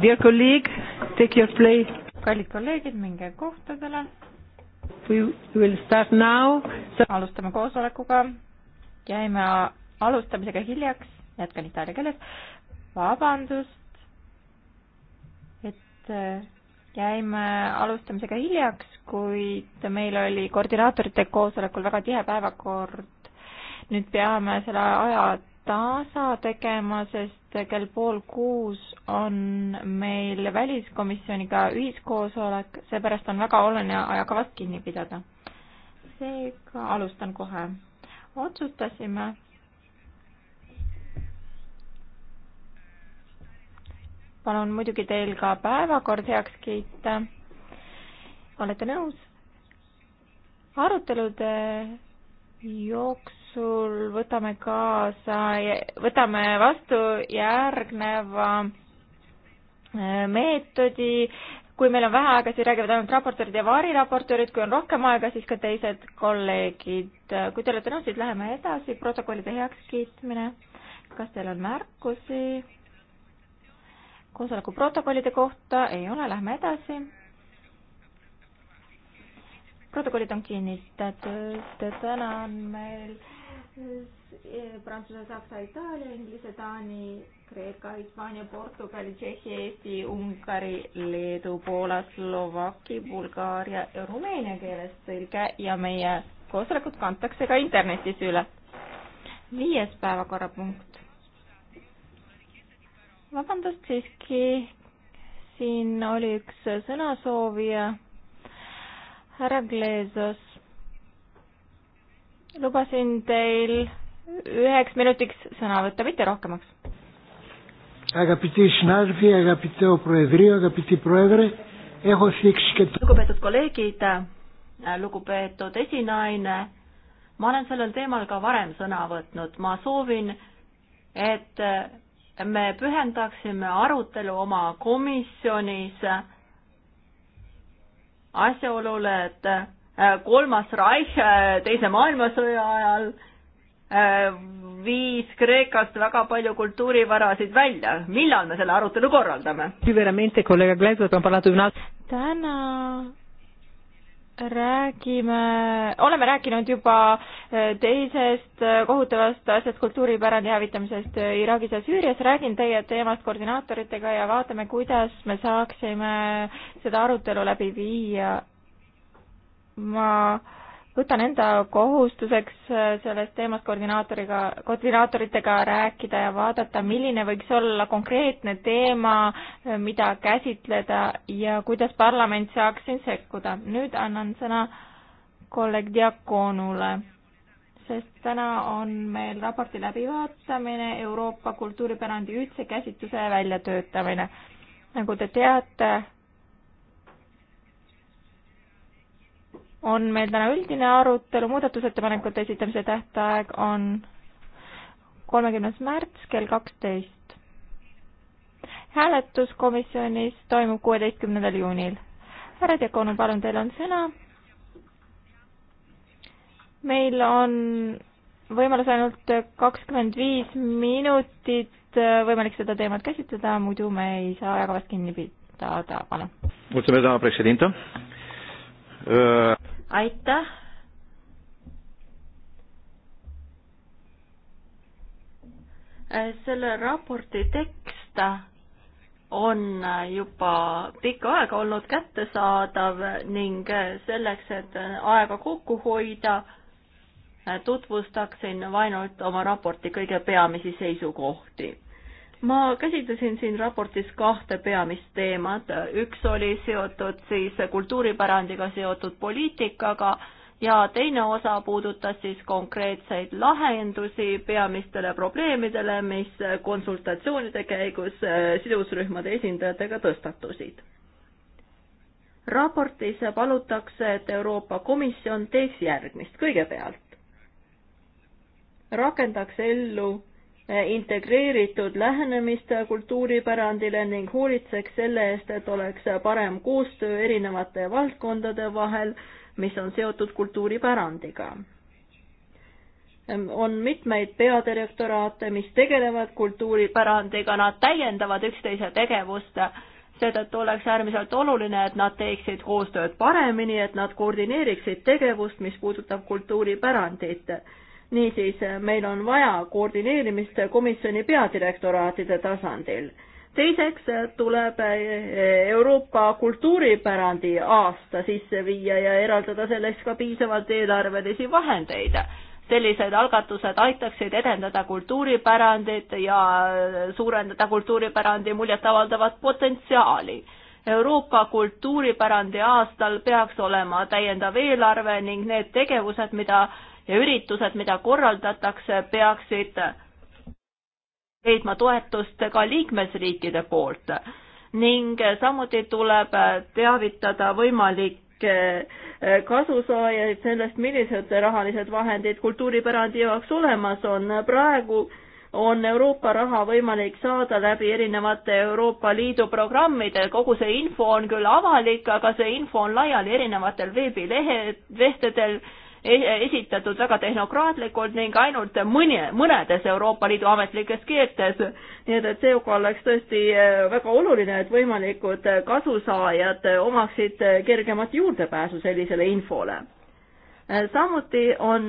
Dear colleague, take your place. kallid kolleegid, minge kohtadele. We will start now so.... alustame koosolekuga. jäime alustamisega hiljaks, jätkan itaalia keeles. vabandust, et äh, jäime alustamisega hiljaks, kuid meil oli koordinaatorite koosolekul väga tihe päevakord. nüüd peame selle aja tasa tegema, sest kell pool kuus on meil väliskomisjoniga ühiskoosolek, seepärast on väga oluline ajakavast kinni pidada. seega alustan kohe. otsustasime palun muidugi teil ka päevakord heaks kiita. olete nõus? arutelude jooks jooksul võtame kaasa, võtame vastu järgneva äh, meetodi, kui meil on vähe aega, siis räägivad ainult raportöörid ja variraportöörid, kui on rohkem aega, siis ka teised kolleegid. Äh, kui te olete nõus, siis läheme edasi, protokollide heakskiitmine. kas teil on märkusi? koosoleku protokollide kohta ei ole, lähme edasi. protokollid on kinnitatud, täna on meil Prantsuse, Saksa, Itaalia, Inglise, Taani, Kreeka, Hispaania, Portugali, Tšehhi, Eesti, Ungari, Leedu, Poola, Slovaki, Bulgaaria ja Rumeenia keeles tõlge ja meie koosolekud kantakse ka internetis üle. viies päevakorrapunkt. vabandust siiski, siin oli üks sõnasoovija, härra Glezos lubasin teil üheks minutiks sõna võtta, mitte rohkemaks. lugupeetud kolleegid, lugupeetud esinaine, ma olen sellel teemal ka varem sõna võtnud, ma soovin, et me pühendaksime arutelu oma komisjonis asjaolule, et kolmas Reich äh, Teise maailmasõja ajal äh, viis Kreekast väga palju kultuurivarasid välja. millal me selle arutelu korraldame? täna räägime, oleme rääkinud juba äh, teisest kohutavast asjast, kultuuripärandi hävitamisest Iraagis ja Süürias, räägin teie teemast koordinaatoritega ja vaatame, kuidas me saaksime seda arutelu läbi viia ma võtan enda kohustuseks äh, sellest teemast koordinaatoriga, koordinaatoritega rääkida ja vaadata, milline võiks olla konkreetne teema, äh, mida käsitleda ja kuidas parlament saaks siin sekkuda. nüüd annan sõna kolleeg Diakonule, sest täna on meil raporti läbivaatamine Euroopa kultuuripärandi ühtse käsitluse väljatöötamine. nagu te teate, on meil täna üldine arutelu, muudatusettepanekute esitamise tähtaeg on kolmekümnes märts kell kaksteist. hääletus komisjonis toimub kuueteistkümnendal juunil. härra Diakonu, palun, teil on sõna. meil on võimalus ainult kakskümmend viis minutit võimalik seda teemat käsitleda, muidu me ei saa ajakavast kinni pidada, palun aitäh. selle raporti tekst on juba pikka aega olnud kättesaadav ning selleks, et aega kokku hoida, tutvustaksin ainult oma raporti kõige peamisi seisukohti ma käsitlesin siin raportis kahte peamist teemat, üks oli seotud siis kultuuripärandiga seotud poliitikaga ja teine osa puudutas siis konkreetseid lahendusi peamistele probleemidele, mis konsultatsioonide käigus eh, sidusrühmade esindajatega tõstatusid. raportis palutakse, et Euroopa Komisjon teeks järgmist, kõigepealt rakendaks ellu integreeritud lähenemist kultuuripärandile ning hoolitseks selle eest, et oleks parem koostöö erinevate valdkondade vahel, mis on seotud kultuuripärandiga. on mitmeid peadirektoraate, mis tegelevad kultuuripärandiga, nad täiendavad üksteise tegevust, seetõttu oleks äärmiselt oluline, et nad teeksid koostööd paremini, et nad koordineeriksid tegevust, mis puudutab kultuuripärandit niisiis, meil on vaja koordineerimist komisjoni peadirektoraatide tasandil. teiseks tuleb Euroopa kultuuripärandi aasta sisse viia ja eraldada selleks ka piisavalt eelarvelisi vahendeid. sellised algatused aitaksid edendada kultuuripärandit ja suurendada kultuuripärandi muljetavaldavat potentsiaali Euroopa kultuuripärandi aastal peaks olema täiendav eelarve ning need tegevused, mida ja üritused, mida korraldatakse, peaksid leidma toetust ka liikmesriikide poolt ning samuti tuleb teavitada võimalikke eh, kasusaajaid sellest, millised rahalised vahendid kultuuripärandi jaoks olemas on. praegu on Euroopa raha võimalik saada läbi erinevate Euroopa Liidu programmide, kogu see info on küll avalik, aga see info on laiali erinevatel veebilehe, lehtedel E-, esitatud väga tehnokraatlikult ning ainult mõni, mõnedes Euroopa Liidu ametlikes keeltes. nii et, et seega oleks tõesti e, väga oluline, et võimalikud kasusaajad omaksid kergemat juurdepääsu sellisele infole e, samuti on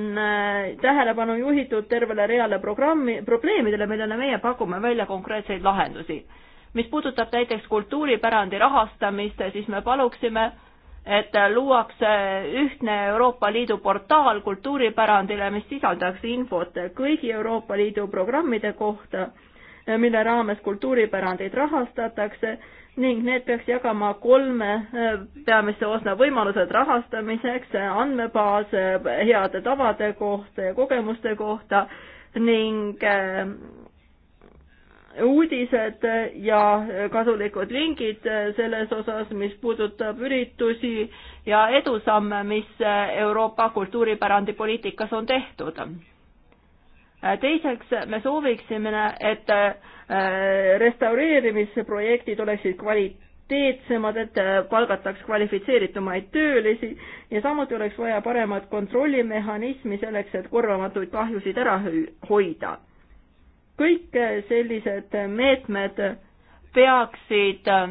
tähelepanu juhitud tervele reale programmi, probleemidele, millele meie pakume välja konkreetseid lahendusi. mis puudutab näiteks kultuuripärandi rahastamist, siis me paluksime äh, et luuakse ühtne Euroopa Liidu portaal kultuuripärandile, mis sisaldaks infot kõigi Euroopa Liidu programmide kohta, mille raames kultuuripärandeid rahastatakse ning need peaks jagama kolme äh, peamise osa võimalused rahastamiseks, andmebaas äh, heade tavade kohta ja kogemuste kohta ning äh, uudised ja kasulikud lingid selles osas, mis puudutab üritusi ja edusamme, mis Euroopa kultuuripärandipoliitikas on tehtud. teiseks, me sooviksime, et äh, restaureerimisprojektid oleksid kvaliteetsemad, et palgataks kvalifitseeritumaid töölisi ja samuti oleks vaja paremat kontrollimehhanismi selleks, et korvamatuid kahjusid ära hoida kõik sellised meetmed peaksid äh,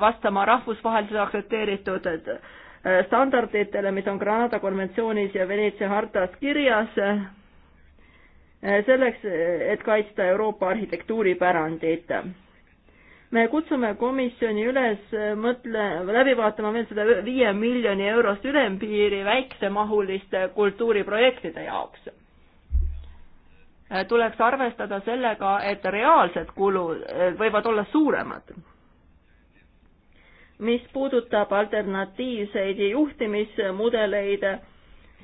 vastama rahvusvaheliselt aktsepteeritud äh, standarditele, mis on Granada konventsioonis ja Veneetsia hartas kirjas, äh, selleks, et kaitsta Euroopa arhitektuuripärandit. me kutsume komisjoni üles mõtle, läbi vaatama veel seda viie miljoni eurost ülempiiri väiksemahuliste kultuuriprojektide jaoks Äh, tuleks arvestada sellega, et reaalsed kulud äh, võivad olla suuremad. mis puudutab alternatiivseid juhtimismudeleid,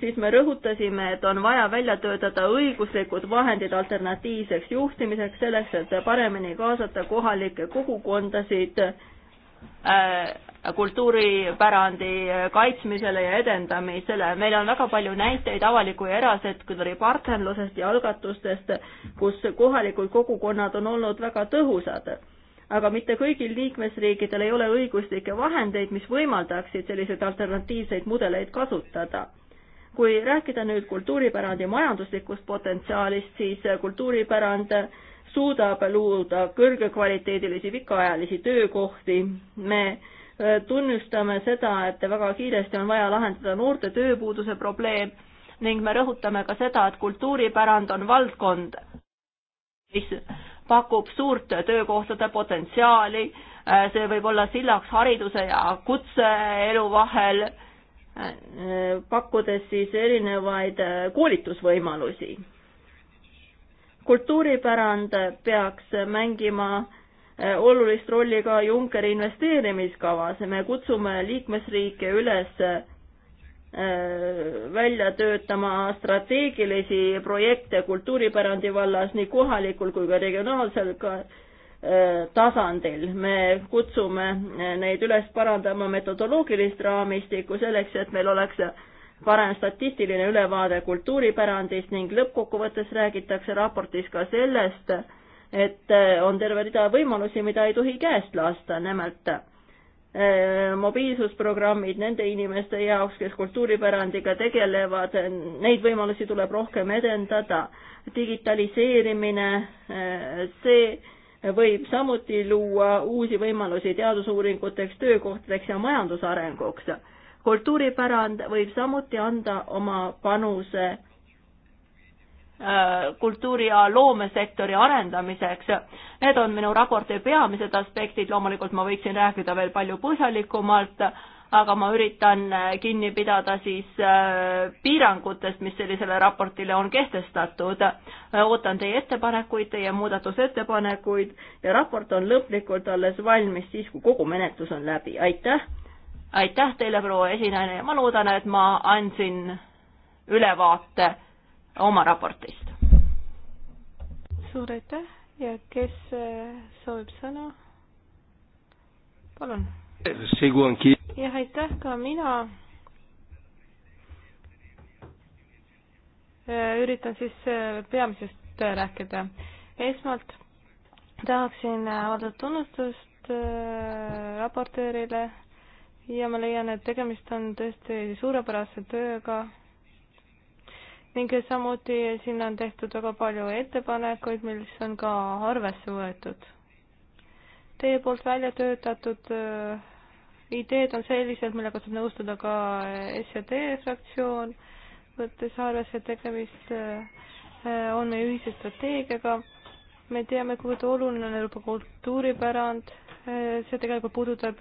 siis me rõhutasime, et on vaja välja töötada õiguslikud vahendid alternatiivseks juhtimiseks, selleks et paremini kaasata kohalikke kogukondasid äh, kultuuripärandi kaitsmisele ja edendamisele. meil on väga palju näiteid avaliku ja erasektori partnerlusest ja algatustest, kus kohalikud kogukonnad on olnud väga tõhusad. aga mitte kõigil liikmesriikidel ei ole õiguslikke vahendeid, mis võimaldaksid selliseid alternatiivseid mudeleid kasutada kui rääkida nüüd kultuuripärandi majanduslikust potentsiaalist, siis kultuuripärand suudab luuda kõrgekvaliteedilisi pikaajalisi töökohti. me Äh, tunnustame seda, et väga kiiresti on vaja lahendada noorte tööpuuduse probleem ning me rõhutame ka seda, et kultuuripärand on valdkond, mis pakub suurt töökohtade potentsiaali, äh, see võib olla sillaks hariduse ja kutseelu vahel, äh, pakkudes siis erinevaid koolitusvõimalusi. kultuuripärand peaks mängima äh, Äh, olulist rolli ka Junckeri investeerimiskavas. me kutsume liikmesriike üles äh, välja töötama strateegilisi projekte kultuuripärandi vallas nii kohalikul kui ka regionaalsel ka äh, tasandil. me kutsume neid üles parandama metodoloogilist raamistikku selleks, et meil oleks parem statistiline ülevaade kultuuripärandist ning lõppkokkuvõttes räägitakse raportis ka sellest, et eh, on terve rida võimalusi, mida ei tohi käest lasta, nimelt eh, mobiilsusprogrammid nende inimeste jaoks, kes kultuuripärandiga tegelevad, neid võimalusi tuleb rohkem edendada. digitaliseerimine, eh, see võib samuti luua uusi võimalusi teadusuuringuteks, töökohtadeks ja majandusarenguks. kultuuripärand võib samuti anda oma panuse Äh, kultuuri- ja loomesektori arendamiseks. Need on minu raporti peamised aspektid, loomulikult ma võiksin rääkida veel palju põhjalikumalt, aga ma üritan äh, kinni pidada siis äh, piirangutest, mis sellisele raportile on kehtestatud. ootan teie ettepanekuid, teie muudatusettepanekuid ja raport on lõplikult alles valmis siis, kui kogu menetlus on läbi, aitäh! aitäh teile, proua esinaine, ma loodan, et ma andsin ülevaate oma raportist. suur aitäh ja kes äh, soovib sõna? palun. jah, aitäh ka mina. Äh, üritan siis äh, peamisest rääkida. esmalt tahaksin avaldada tunnustust raportöörile ja ma leian, et tegemist on tõesti suurepärase tööga ning samuti sinna on tehtud väga palju ettepanekuid, mis on ka arvesse võetud. Teie poolt välja töötatud äh, ideed on sellised, millega saab nõustuda ka SED fraktsioon, võttes arvesse, et tegemist äh, on meie ühise strateegiaga. me teame, kuivõrd oluline on Euroopa kultuuripärand, äh, see tegelikult puudutab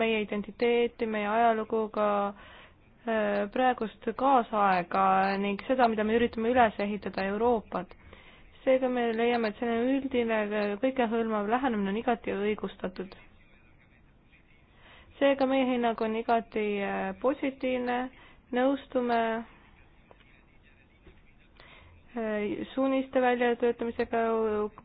meie identiteeti, meie ajalugu, ka äh, Äh, praegust kaasaega ning seda, mida me üritame üles ehitada Euroopat. seega me leiame, et selline üldine kõikehõlmav lähenemine on igati õigustatud. seega meie hinnang on igati äh, positiivne, nõustume äh, suuniste väljatöötamisega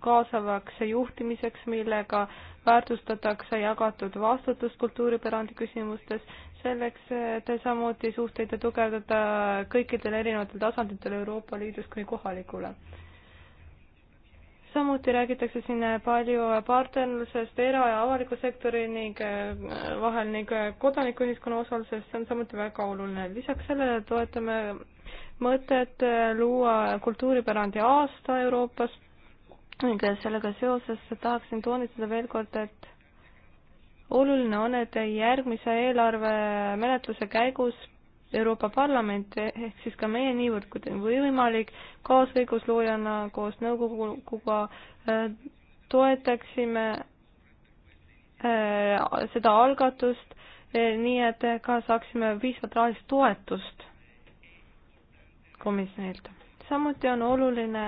kaasavaks juhtimiseks, millega väärtustatakse jagatud vastutust kultuuripärandi küsimustes selleks, et samuti suhteid tugevdada kõikidel erinevatel tasanditel Euroopa Liidus kuni kohalikule. samuti räägitakse siin palju partnerlusest era- ja avaliku sektori ning äh, vahel ning kodanikuühiskonna osalusest, see on samuti väga oluline. lisaks sellele toetame mõtet äh, luua kultuuripärandi aasta Euroopas ning sellega seoses tahaksin toonitada veel kord, et oluline on, et järgmise eelarve menetluse käigus Euroopa Parlament ehk siis ka meie niivõrd kui võimalik kaasõigusloojana koos nõukoguga äh, toetaksime äh, seda algatust, äh, nii et ka saaksime piisavalt rahalist toetust komisjonilt. samuti on oluline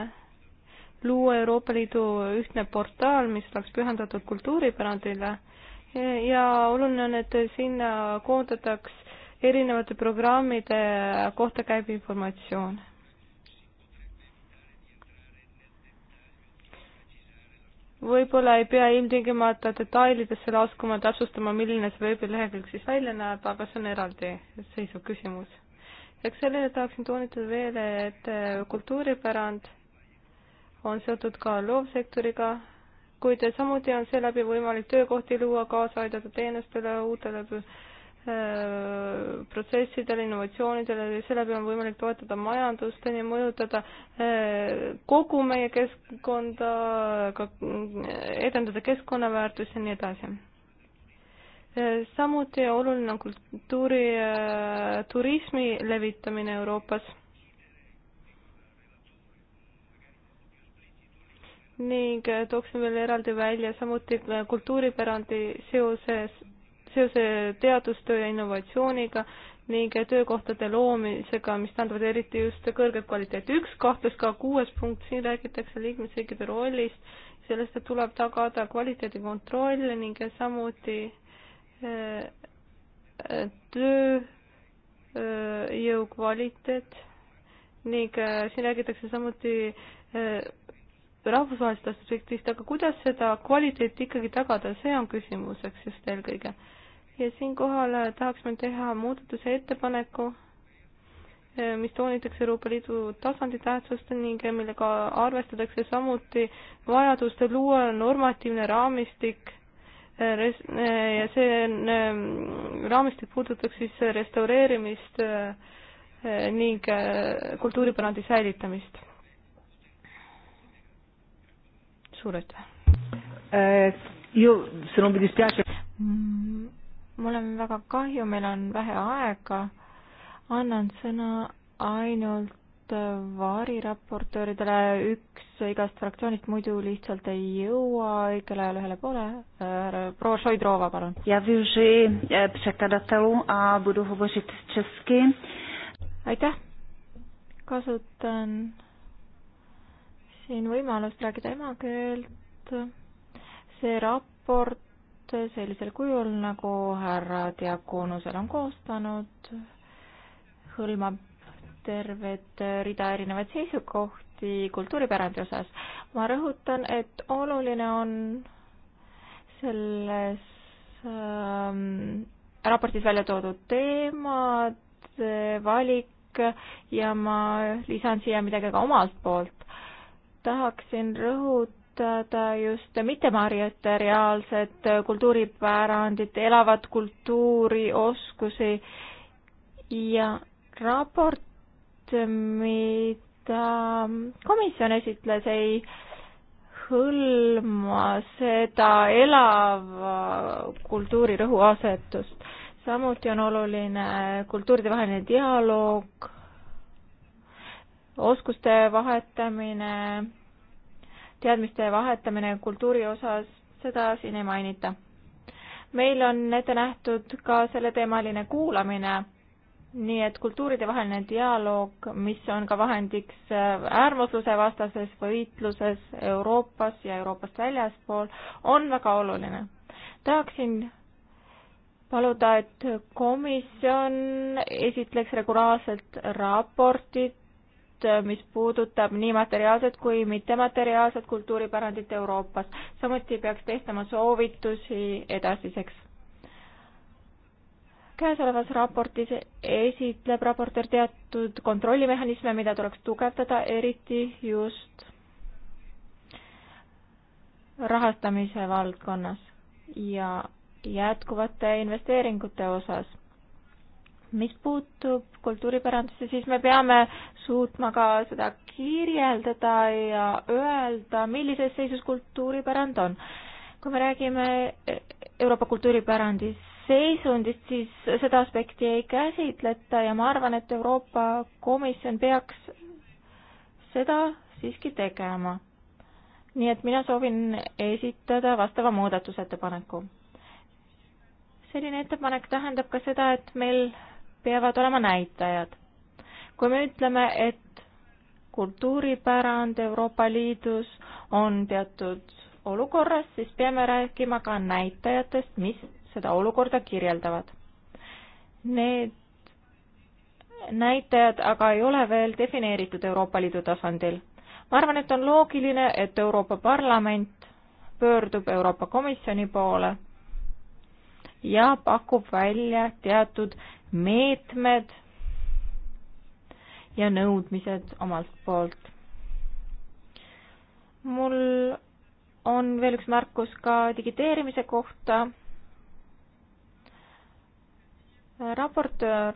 luua Euroopa Liidu ühtne portaal, mis oleks pühendatud kultuuripärandile ja oluline on, et sinna koondataks erinevate programmide kohta käiv informatsioon võib-olla ei pea ilmtingimata detailidesse laskuma, täpsustama, milline see veebilehekülg siis välja näeb, aga see on eraldi seisu küsimus. eks sellele tahaksin toonitada veel, et kultuuripärand on seotud ka loovsektoriga, kuid samuti on seeläbi võimalik töökohti luua, kaasa aidata teenustele, uutele äh, protsessidele, innovatsioonidele ja seeläbi on võimalik toetada majandust ja mõjutada äh, kogu meie keskkonda, ka edendada keskkonnaväärtusi ja nii edasi. Äh, samuti oluline on kultuuri, turismi levitamine Euroopas ning äh, tooksin veel eraldi välja samuti äh, kultuuripärandi seoses, seose teadustöö ja innovatsiooniga ning äh, töökohtade loomisega, mis tähendavad eriti just kõrget kvaliteeti. üks kahtlus ka kuues punkt, siin räägitakse liikmesriikide rollist, sellest, et tuleb tagada kvaliteedikontroll ning samuti tööjõu kvaliteet ning siin räägitakse samuti rahvusvahelisest aspektist, aga kuidas seda kvaliteeti ikkagi tagada, see on küsimuseks just eelkõige. ja siinkohal äh, tahaksime teha muudatuse ettepaneku, äh, mis toonitaks Euroopa Liidu tasandi tähtsust ning äh, millega arvestatakse samuti vajadust luua normatiivne raamistik ja see raamistik puudutaks siis restaureerimist ning kultuuripärandi säilitamist suur aitäh! Äh, mm, mul on väga kahju, meil on vähe aega. annan sõna ainult äh, variraportööridele, üks igast fraktsioonist, muidu lihtsalt ei jõua õigel ajal ühele poole. Äh, proua Šoidrova, palun. E, aitäh, kasutan siin võimalust rääkida emakeelt. see raport sellisel kujul, nagu härra Diakonusel on koostanud, hõlmab tervet rida erinevaid seisukohti kultuuripärandi osas. ma rõhutan, et oluline on selles ähm, raportis välja toodud teemad, valik ja ma lisan siia midagi ka omalt poolt tahaksin rõhutada just mittemariateriaalset kultuuripärandit, elavat kultuuri, oskusi ja raport, mida komisjon esitles, ei hõlma seda elava kultuuri rõhuasetust. samuti on oluline kultuuridevaheline dialoog oskuste vahetamine, teadmiste vahetamine kultuuri osas, seda siin ei mainita. meil on ette nähtud ka selleteemaline kuulamine, nii et kultuuridevaheline dialoog, mis on ka vahendiks äh, äärmusluse vastases võitluses Euroopas ja Euroopast väljaspool, on väga oluline. tahaksin paluda, et komisjon esitleks regulaarselt raportit Äh, mis puudutab nii materiaalset kui mittemateriaalset kultuuripärandit Euroopas. samuti peaks tehtama soovitusi edasiseks. käesolevas raportis esitleb raportöör teatud kontrollimehhanisme, mida tuleks tugevdada, eriti just rahastamise valdkonnas ja jätkuvate investeeringute osas mis puutub kultuuripärandisse, siis me peame suutma ka seda kirjeldada ja öelda, millises seisus kultuuripärand on. kui me räägime Euroopa kultuuripärandi seisundist, siis seda aspekti ei käsitleta ja ma arvan, et Euroopa Komisjon peaks seda siiski tegema. nii et mina soovin esitada vastava muudatusettepaneku selline ettepanek tähendab ka seda, et meil peavad olema näitajad. kui me ütleme, et kultuuripärand Euroopa Liidus on teatud olukorras, siis peame rääkima ka näitajatest, mis seda olukorda kirjeldavad. Need näitajad aga ei ole veel defineeritud Euroopa Liidu tasandil. ma arvan, et on loogiline, et Euroopa Parlament pöördub Euroopa Komisjoni poole ja pakub välja teatud meetmed ja nõudmised omalt poolt. mul on veel üks märkus ka digiteerimise kohta. raportöör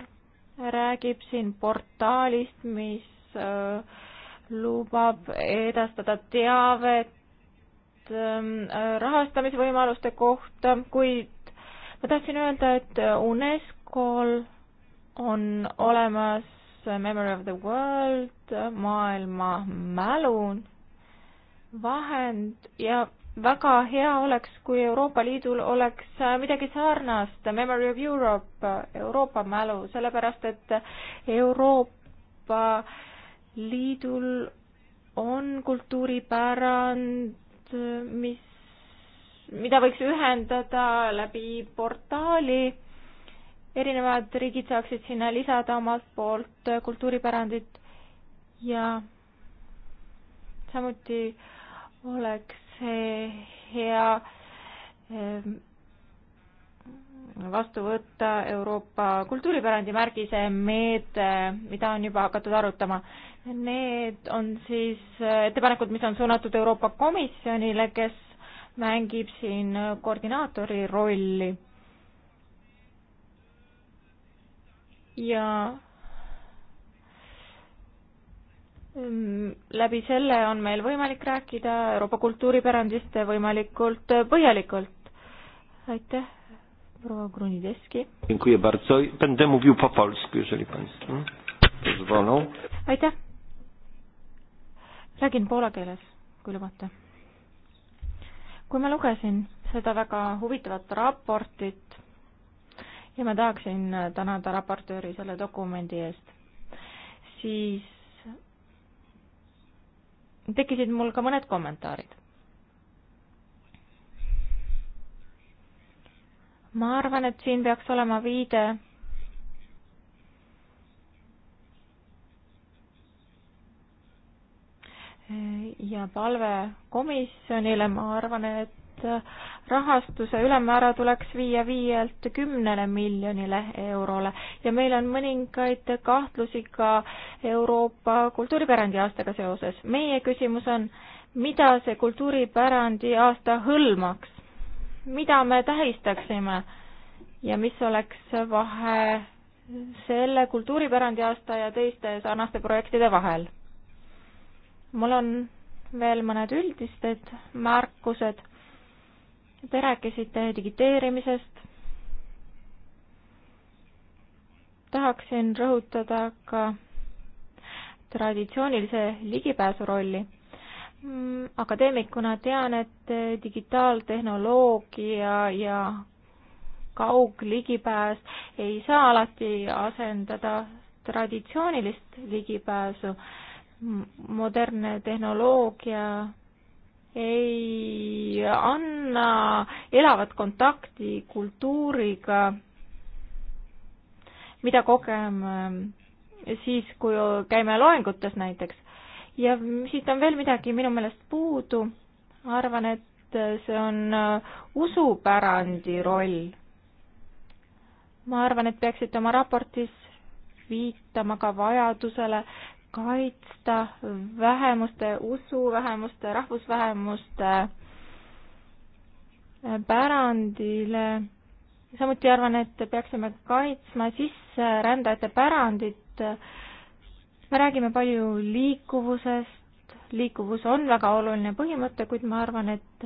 räägib siin portaalist, mis äh, lubab edastada teavet ähm, rahastamisvõimaluste kohta, kuid ma tahtsin öelda, et UNESCO Stockholm on olemas Memory of the World, maailma mälu vahend ja väga hea oleks, kui Euroopa Liidul oleks midagi sarnast, Memory of Europe, Euroopa mälu, sellepärast et Euroopa Liidul on kultuuripärand, mis, mida võiks ühendada läbi portaali erinevad riigid saaksid sinna lisada omalt poolt kultuuripärandit ja samuti oleks see hea ehm, vastu võtta Euroopa kultuuripärandi märgise meede, mida on juba hakatud arutama. Need on siis ettepanekud, mis on suunatud Euroopa Komisjonile, kes mängib siin koordinaatori rolli ja mm, läbi selle on meil võimalik rääkida Euroopa kultuuripärandist võimalikult põhjalikult. aitäh, proua Grunideski. aitäh. räägin poola keeles, kui lubate. kui ma lugesin seda väga huvitavat raportit ja ma tahaksin äh, tänada raportööri selle dokumendi eest. siis tekkisid mul ka mõned kommentaarid. ma arvan, et siin peaks olema viide ja palve komisjonile, ma arvan, et rahastuse ülemmäära tuleks viia viielt kümnele miljonile eurole ja meil on mõningaid kahtlusi ka Euroopa kultuuripärandi aastaga seoses. meie küsimus on, mida see kultuuripärandi aasta hõlmaks, mida me tähistaksime ja mis oleks vahe selle kultuuripärandi aasta ja teiste sarnaste projektide vahel? mul on veel mõned üldised märkused Te rääkisite digiteerimisest. tahaksin rõhutada ka traditsioonilise ligipääsu rolli. Mm, akadeemikuna tean, et digitaaltehnoloogia ja kaugligipääs ei saa alati asendada traditsioonilist ligipääsu. modernne tehnoloogia ei anna elavat kontakti kultuuriga, mida kogeme äh, siis, kui käime loengutes näiteks. ja siit on veel midagi minu meelest puudu, arvan, et see on äh, usupärandi roll. ma arvan, et peaksite oma raportis viitama ka vajadusele kaitsta vähemuste, usuvähemuste, rahvusvähemuste äh, pärandile. samuti arvan, et peaksime kaitsma sisserändajate pärandit. me räägime palju liikuvusest, liikuvus on väga oluline põhimõte, kuid ma arvan, et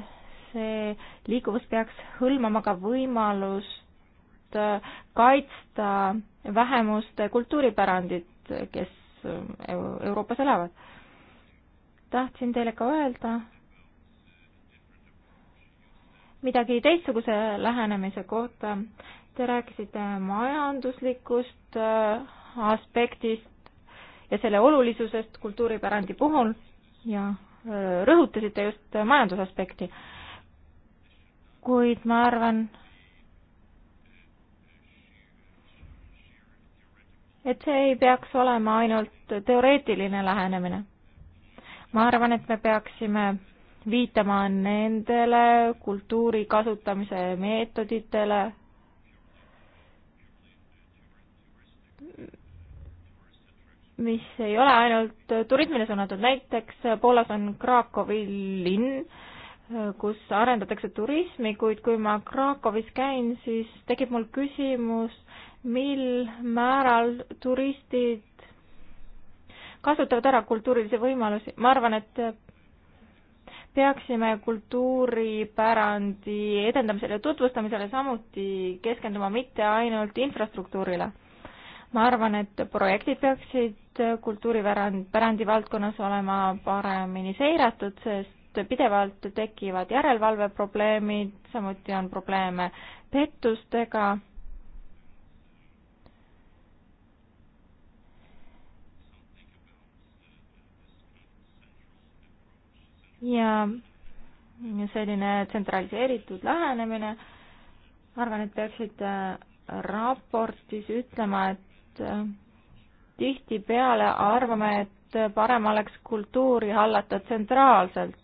see liikuvus peaks hõlmama ka võimalust äh, kaitsta vähemuste kultuuripärandit, kes Ähm, Euroopas elavad. tahtsin teile ka öelda midagi teistsuguse lähenemise kohta. Te rääkisite majanduslikust äh, aspektist ja selle olulisusest kultuuripärandi puhul ja äh, rõhutasite just majandusaspekti. kuid ma arvan, et see ei peaks olema ainult teoreetiline lähenemine. ma arvan, et me peaksime viitama nendele kultuuri kasutamise meetoditele, mis ei ole ainult turismile suunatud, näiteks Poolas on Krakowi linn, kus arendatakse turismi, kuid kui ma Krakowis käin, siis tekib mul küsimus, mil määral turistid kasutavad ära kultuurilisi võimalusi, ma arvan, et peaksime kultuuripärandi edendamisele ja tutvustamisele samuti keskenduma mitte ainult infrastruktuurile. ma arvan, et projektid peaksid kultuuripärandi valdkonnas olema paremini seiratud, sest et pidevalt tekivad järelevalveprobleemid, samuti on probleeme pettustega. ja selline tsentraliseeritud lähenemine, ma arvan, et peaksite äh, raportis ütlema, et äh, tihtipeale arvame, et äh, parem oleks kultuuri hallata tsentraalselt.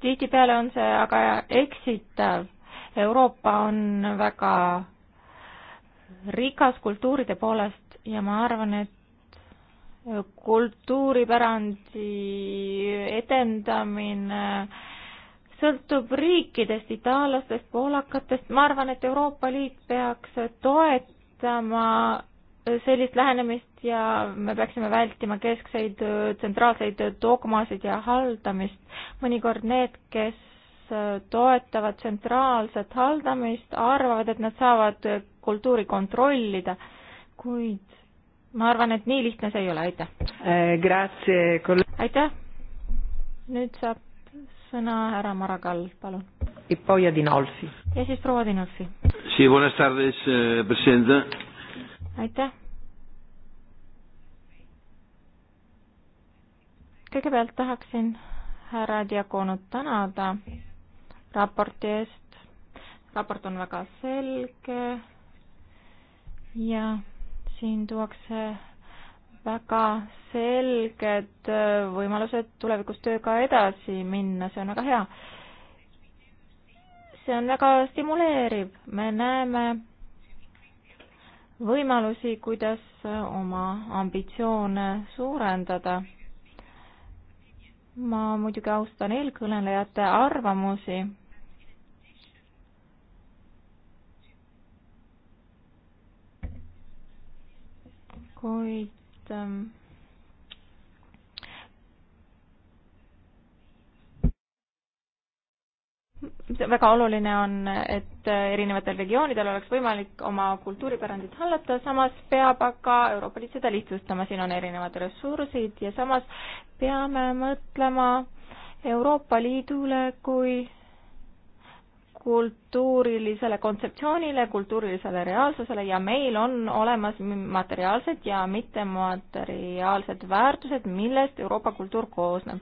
tihtipeale on see aga eksitav. Euroopa on väga rikas kultuuride poolest ja ma arvan, et kultuuripärandi edendamine sõltub riikidest, itaallastest, poolakatest, ma arvan, et Euroopa Liit peaks toetama sellist lähenemist ja me peaksime vältima keskseid äh, tsentraalseid dogmasid ja haldamist. mõnikord need, kes äh, toetavad tsentraalset haldamist, arvavad, et nad saavad kultuuri kontrollida, kuid ma arvan, et nii lihtne see ei ole, aitäh eh,. aitäh. nüüd saab sõna härra Maragall, palun. E ja siis proua Dinolfi. Eh, aitäh kõigepealt tahaksin härra Diakonut tänada raporti eest. raport on väga selge ja siin tuuakse väga selged võimalused tulevikus tööga edasi minna, see on väga hea. see on väga stimuleeriv, me näeme võimalusi, kuidas oma ambitsioone suurendada ma muidugi austan eelkõnelejate arvamusi. kuid ähm, väga oluline on, et erinevatel regioonidel oleks võimalik oma kultuuripärandit hallata, samas peab aga Euroopa Liit seda lihtsustama, siin on erinevad ressursid ja samas peame mõtlema Euroopa Liidule kui kultuurilisele kontseptsioonile, kultuurilisele reaalsusele ja meil on olemas materiaalsed ja mittemateriaalsed väärtused, millest Euroopa kultuur koosneb.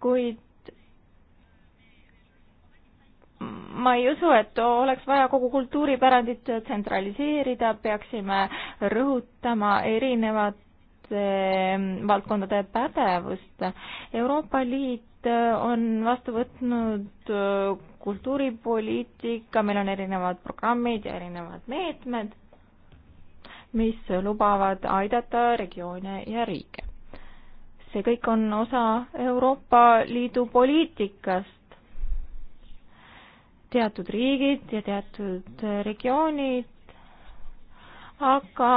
kuid ma ei usu, et oleks vaja kogu kultuuripärandit tsentraliseerida, peaksime rõhutama erinevate ehm, valdkondade pädevust. Euroopa Liit eh, on vastu võtnud eh, kultuuripoliitika, meil on erinevad programmid ja erinevad meetmed, mis lubavad aidata regioone ja riike. see kõik on osa Euroopa Liidu poliitikast teatud riigid ja teatud äh, regioonid, aga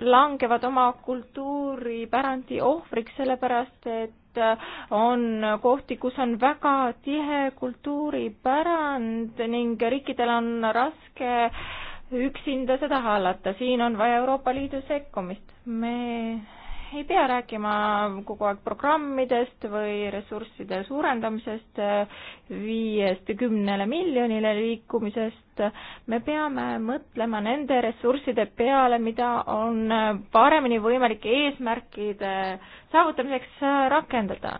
langevad oma kultuuripärandi ohvriks, sellepärast et äh, on kohti, kus on väga tihe kultuuripärand ning riikidel on raske üksinda seda hallata, siin on vaja Euroopa Liidu sekkumist. me ei pea rääkima kogu aeg programmidest või ressursside suurendamisest, viiest kümnele miljonile liikumisest. me peame mõtlema nende ressursside peale, mida on paremini võimalik eesmärkide saavutamiseks rakendada.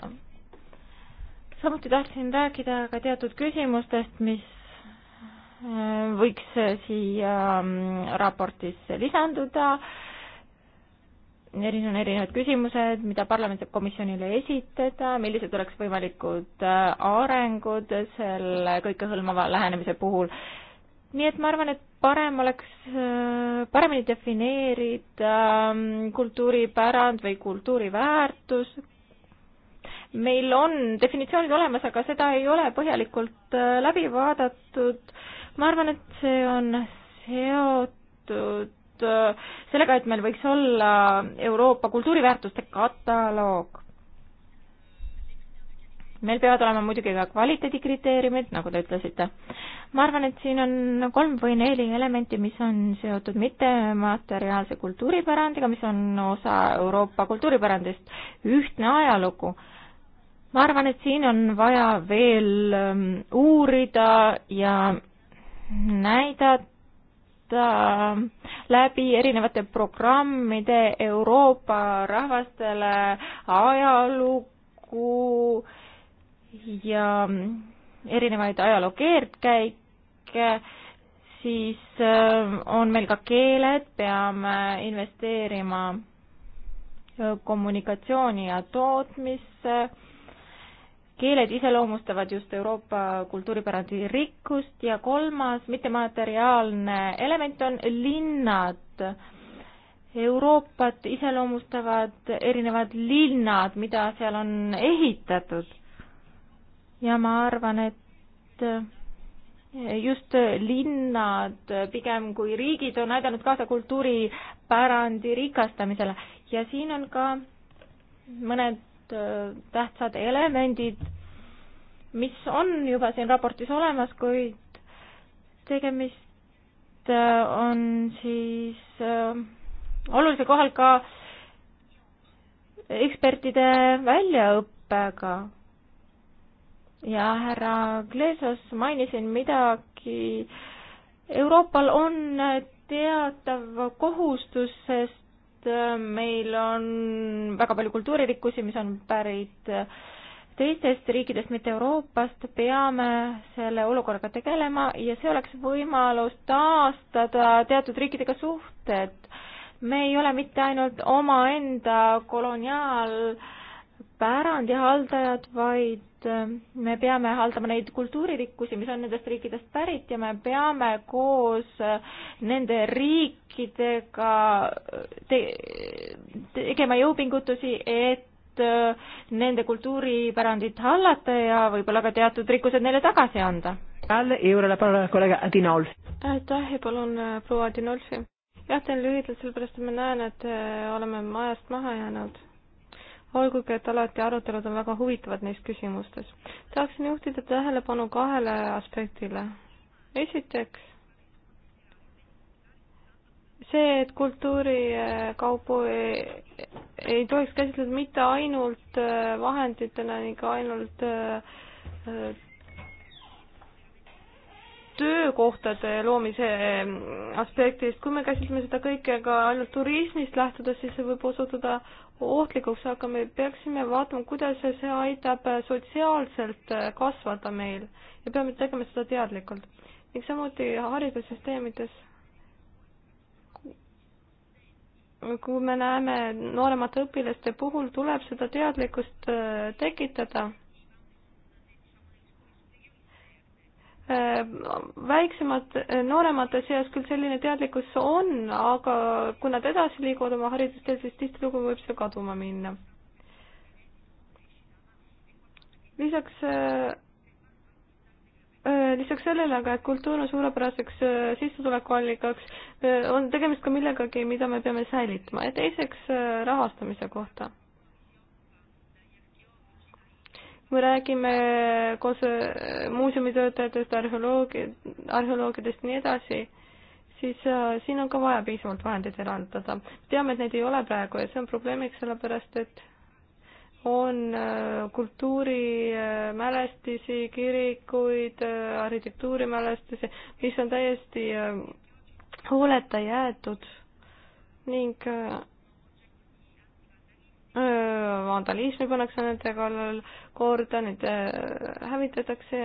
samuti tahtsin rääkida ka teatud küsimustest, mis eh, võiks siia mm, raportisse lisanduda siin on erinevad küsimused, mida parlament saab komisjonile esitada, millised oleks võimalikud äh, arengud selle kõikehõlmava lähenemise puhul. nii et ma arvan, et parem oleks äh, paremini defineerida ähm, kultuuripärand või kultuuriväärtus. meil on definitsioonid olemas, aga seda ei ole põhjalikult äh, läbi vaadatud. ma arvan, et see on seotud seotud äh, sellega, et meil võiks olla Euroopa kultuuriväärtuste kataloog. meil peavad olema muidugi ka kvaliteedikriteeriumid, nagu te ütlesite. ma arvan, et siin on kolm või neli elementi, mis on seotud mittemateriaalse kultuuripärandiga, mis on osa Euroopa kultuuripärandist, ühtne ajalugu ma arvan, et siin on vaja veel ähm, uurida ja näidata, seda äh, läbi erinevate programmide Euroopa rahvastele ajalugu ja erinevaid ajaloo keerdkäike, siis äh, on meil ka keeled, peame investeerima äh, kommunikatsiooni ja tootmisse keeled iseloomustavad just Euroopa kultuuripärandi rikkust ja kolmas mittemateriaalne element on linnad. Euroopat iseloomustavad erinevad linnad, mida seal on ehitatud. ja ma arvan, et just linnad pigem kui riigid on aidanud kaasa kultuuripärandi rikastamisele ja siin on ka mõned muud äh, tähtsad elemendid, mis on juba siin raportis olemas, kuid tegemist äh, on siis äh, olulisel kohal ka ekspertide väljaõppega. ja härra Glesos mainisin midagi, Euroopal on teatav kohustus, sest Äh, meil on väga palju kultuuririkkusi, mis on pärit äh, teistest riikidest, mitte Euroopast, peame selle olukorraga tegelema ja see oleks võimalus taastada teatud riikidega suhted. me ei ole mitte ainult omaenda koloniaalpärandi haldajad, vaid et äh, me peame haldama neid kultuuririkkusi, mis on nendest riikidest pärit ja me peame koos äh, nende riikidega äh, te tegema jõupingutusi, et nende kultuuripärandit hallata ja võib-olla ka teatud rikkused neile tagasi anda. aitäh ja palun proua Adinolfi. jah, teen lühidalt, sellepärast et ma näen, et oleme ajast maha jäänud olgugi, et alati arutelud on väga huvitavad neis küsimustes. tahaksin juhtida tähelepanu kahele aspektile. esiteks, see, et kultuurikaupu eh, ei, eh, ei tohiks käsitleda mitte ainult eh, vahenditena ning ainult töökohtade loomise aspektist, kui me käsitleme seda kõike ka ainult turismist lähtudes, siis see võib osutuda ohtlikuks, aga me peaksime vaatama, kuidas see aitab sotsiaalselt kasvada meil ja peame tegema seda teadlikult. ning samuti haridussüsteemides, kui me näeme nooremate õpilaste puhul, tuleb seda teadlikkust tekitada väiksemad, nooremate seas küll selline teadlikkus on, aga kui nad edasi liiguvad oma haridustel, siis tihtilugu võib see kaduma minna. lisaks, äh, lisaks sellele aga, et kultuur on suurepäraseks äh, sissetulekuallikaks, äh, on tegemist ka millegagi, mida me peame säilitama ja teiseks rahastamise kohta me räägime koos äh, muuseumitöötajatest, arheoloogi, arheoloogidest ja nii edasi, siis äh, siin on ka vaja piisavalt vahendeid eraldada. teame, et neid ei ole praegu ja see on probleemiks, sellepärast et on äh, kultuurimälestisi, äh, kirikuid, arhitektuurimälestisi, mis on täiesti hooleta jäetud ning vandalismi pannakse nende kallal, korda, neid äh, hävitatakse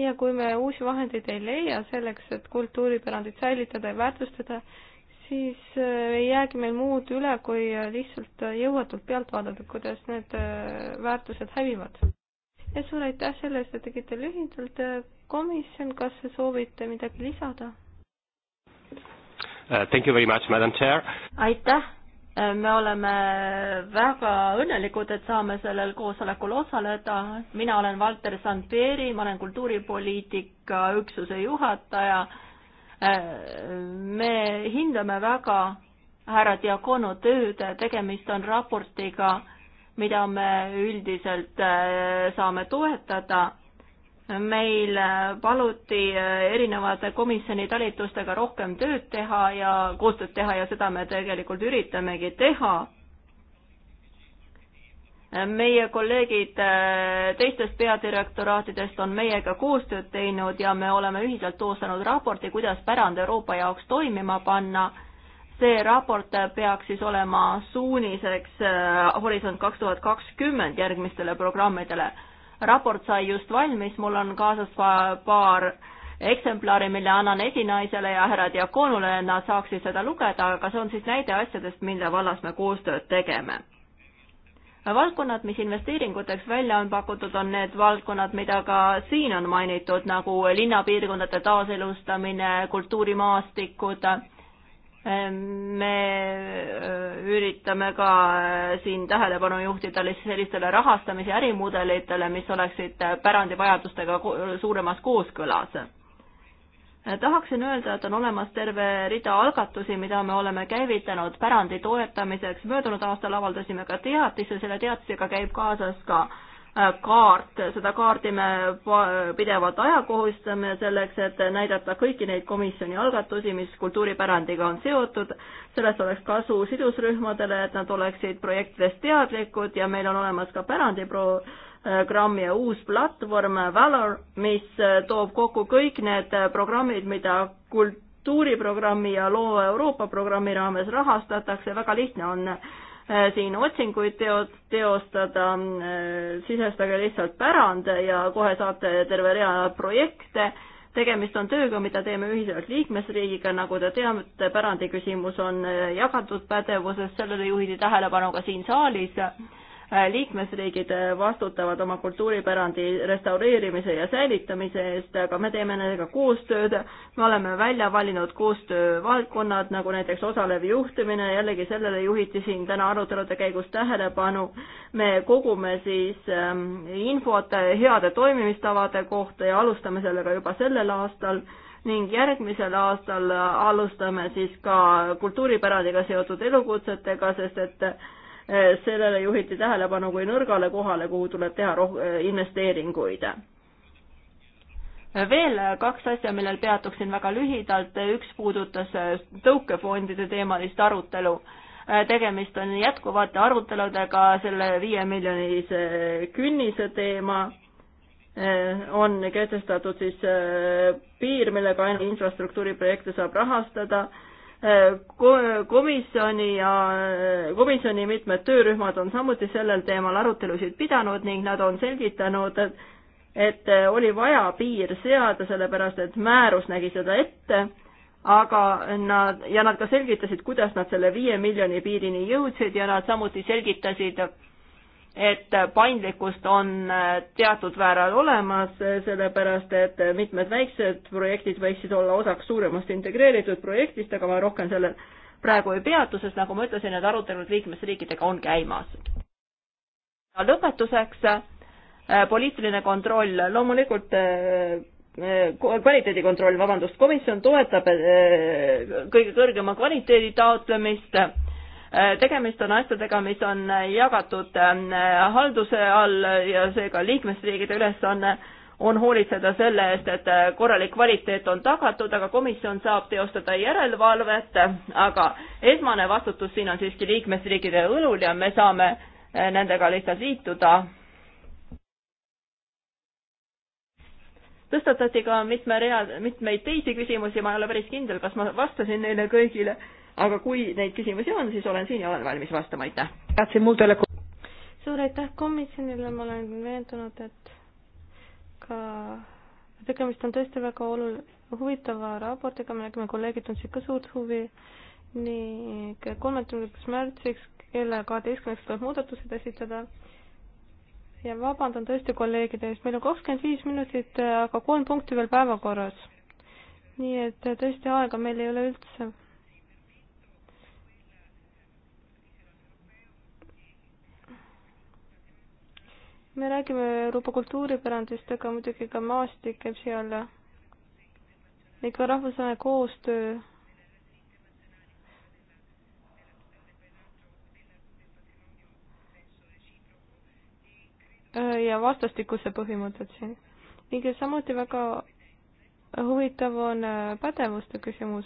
ja kui me uusi vahendeid ei leia selleks, et kultuuripärandit säilitada ja väärtustada, siis äh, ei jäägi meil muud üle, kui lihtsalt jõuetult pealt vaadata, kuidas need äh, väärtused hävivad. ja suur aitäh selle eest, et tegite lühidalt. komisjon, kas soovite midagi lisada uh,? Thank you very much, madam chair. aitäh me oleme väga õnnelikud, et saame sellel koosolekul osaleda. mina olen Valter Sandperi, ma olen kultuuripoliitika üksuse juhataja. me hindame väga härra Diakonu tööd, tegemist on raportiga, mida me üldiselt eh, saame toetada meil paluti erinevate komisjoni talitustega rohkem tööd teha ja koostööd teha ja seda me tegelikult üritamegi teha meie kolleegid teistest peadirektoraatidest on meiega koostööd teinud ja me oleme ühiselt koostanud raporti, kuidas pärand Euroopa jaoks toimima panna. see raport peaks siis olema suuniseks Horisont kaks tuhat kakskümmend järgmistele programmidele raport sai just valmis, mul on kaasas pa paar eksemplari, mille annan esinaisele ja härra Diakonule, nad saaksid seda lugeda, aga see on siis näide asjadest, mille vallas me koostööd tegeme. valdkonnad, mis investeeringuteks välja on pakutud, on need valdkonnad, mida ka siin on mainitud, nagu linnapiirkondade taaselustamine, kultuurimaasikud me äh, üritame ka äh, siin tähelepanu juhtida sellistele rahastamise ärimudelitele, mis oleksid äh, pärandivajadustega suuremas kooskõlas. tahaksin öelda, et on olemas terve rida algatusi, mida me oleme käivitanud pärandi toetamiseks. möödunud aastal avaldasime ka teatise, selle teatisega käib kaasas ka äh, kaart, seda kaardi me pidevalt ajakohustame selleks, et näidata kõiki neid komisjoni algatusi, mis kultuuripärandiga on seotud. sellest oleks kasu sidusrühmadele, et nad oleksid projektidest teadlikud ja meil on olemas ka pärandiprogramm ja uus platvorm Valor, mis toob kokku kõik need programmid, mida kultuuriprogrammi ja Loo Euroopa programmi raames rahastatakse, väga lihtne on Äh, siin otsinguid teo-, teostada, äh, sisestage lihtsalt pärand ja kohe saate terve rea projekte. tegemist on tööga, mida teeme ühiselt liikmesriigiga, nagu te teate, pärandi küsimus on äh, jagatud pädevuses, sellele juhiti tähelepanu ka siin saalis liikmesriigid vastutavad oma kultuuripärandi restaureerimise ja säilitamise eest, aga me teeme nendega koostööd, me oleme välja valinud koostöövaldkonnad, nagu näiteks osalev juhtimine, jällegi sellele juhiti siin täna arutelude käigus tähelepanu, me kogume siis ähm, infot heade toimimistavade kohta ja alustame sellega juba sellel aastal ning järgmisel aastal alustame siis ka kultuuripärandiga seotud elukutsetega, sest et Eh, sellele juhiti tähelepanu kui nõrgale kohale, kuhu tuleb teha roh-, eh, investeeringuid. veel kaks asja, millel peatuksin väga lühidalt, üks puudutas eh, tõukefondide teemalist arutelu. tegemist on jätkuvate aruteludega selle viiemiljonilise künnise teema on kehtestatud siis piir, millega ainult infrastruktuuriprojekte saab rahastada komisjoni ja komisjoni mitmed töörühmad on samuti sellel teemal arutelusid pidanud ning nad on selgitanud, et et oli vaja piir seada, sellepärast et määrus nägi seda ette, aga nad, ja nad ka selgitasid, kuidas nad selle viie miljoni piirini jõudsid ja nad samuti selgitasid, et paindlikkust on äh, teatud määral olemas, äh, sellepärast et äh, mitmed väiksed projektid võiksid olla osaks suuremast integreeritud projektist, aga ma rohkem sellel praegu ei peatu, sest nagu ma ütlesin, need arutelud liikmesriikidega on käimas. lõpetuseks poliitiline kontroll, loomulikult kvaliteedikontroll, vabandust, komisjon toetab kõige kõrgema kvaliteedi taotlemist tegemist on asjadega, mis on jagatud äh, halduse all ja seega liikmesriigide ülesanne on hoolitseda selle eest, et äh, korralik kvaliteet on tagatud, aga komisjon saab teostada järelevalvet, aga esmane vastutus siin on siiski liikmesriikide õlul ja me saame äh, nendega lihtsalt liituda. tõstatati ka mitme rea, mitmeid teisi küsimusi, ma ei ole päris kindel, kas ma vastasin neile kõigile aga kui neid küsimusi on, siis olen siin ja olen valmis vastama, aitäh. tahtsin mul teile suur aitäh komisjonile, ma olen veendunud, et ka tegemist on tõesti väga olul-, huvitava raportiga, millega me kolleegid tundsid ka suurt huvi ning kolmekümnendaks märtsiks kella kaheteistkümneks tuleb muudatused esitada ja vabandan tõesti kolleegide eest, meil on kakskümmend viis minutit, aga kolm punkti veel päevakorras. nii et tõesti aega meil ei ole üldse me räägime Euroopa kultuuripärandist, aga muidugi ka maastik käib siia alla. ikka rahvusvaheline koostöö. ja vastastikuse põhimõtted siin. ning samuti väga huvitav on pädevuste küsimus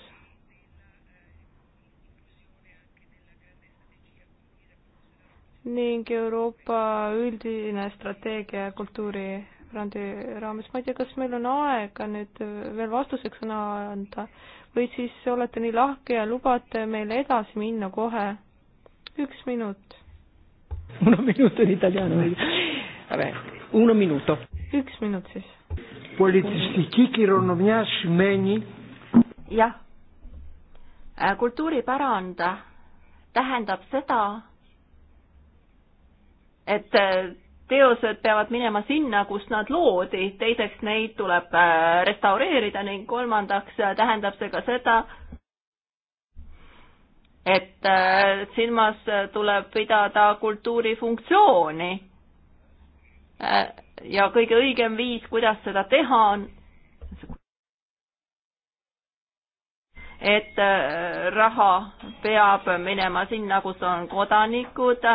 ning Euroopa üldine strateegia kultuuripärandi raames. ma ei tea, kas meil on aega nüüd veel vastuseks sõna anda või siis olete nii lahke ja lubate meil edasi minna kohe. üks minut. uno minuto in italiano. uno minuto. üks minut siis. politistiki kironomia šmeni. jah. kultuuripärand tähendab seda, et äh, teosed peavad minema sinna, kus nad loodi, teiseks neid tuleb äh, restaureerida ning kolmandaks äh, tähendab see ka seda, et silmas tuleb pidada kultuuri funktsiooni. ja kõige õigem viis, kuidas seda teha, on et raha peab minema sinna, kus on kodanikud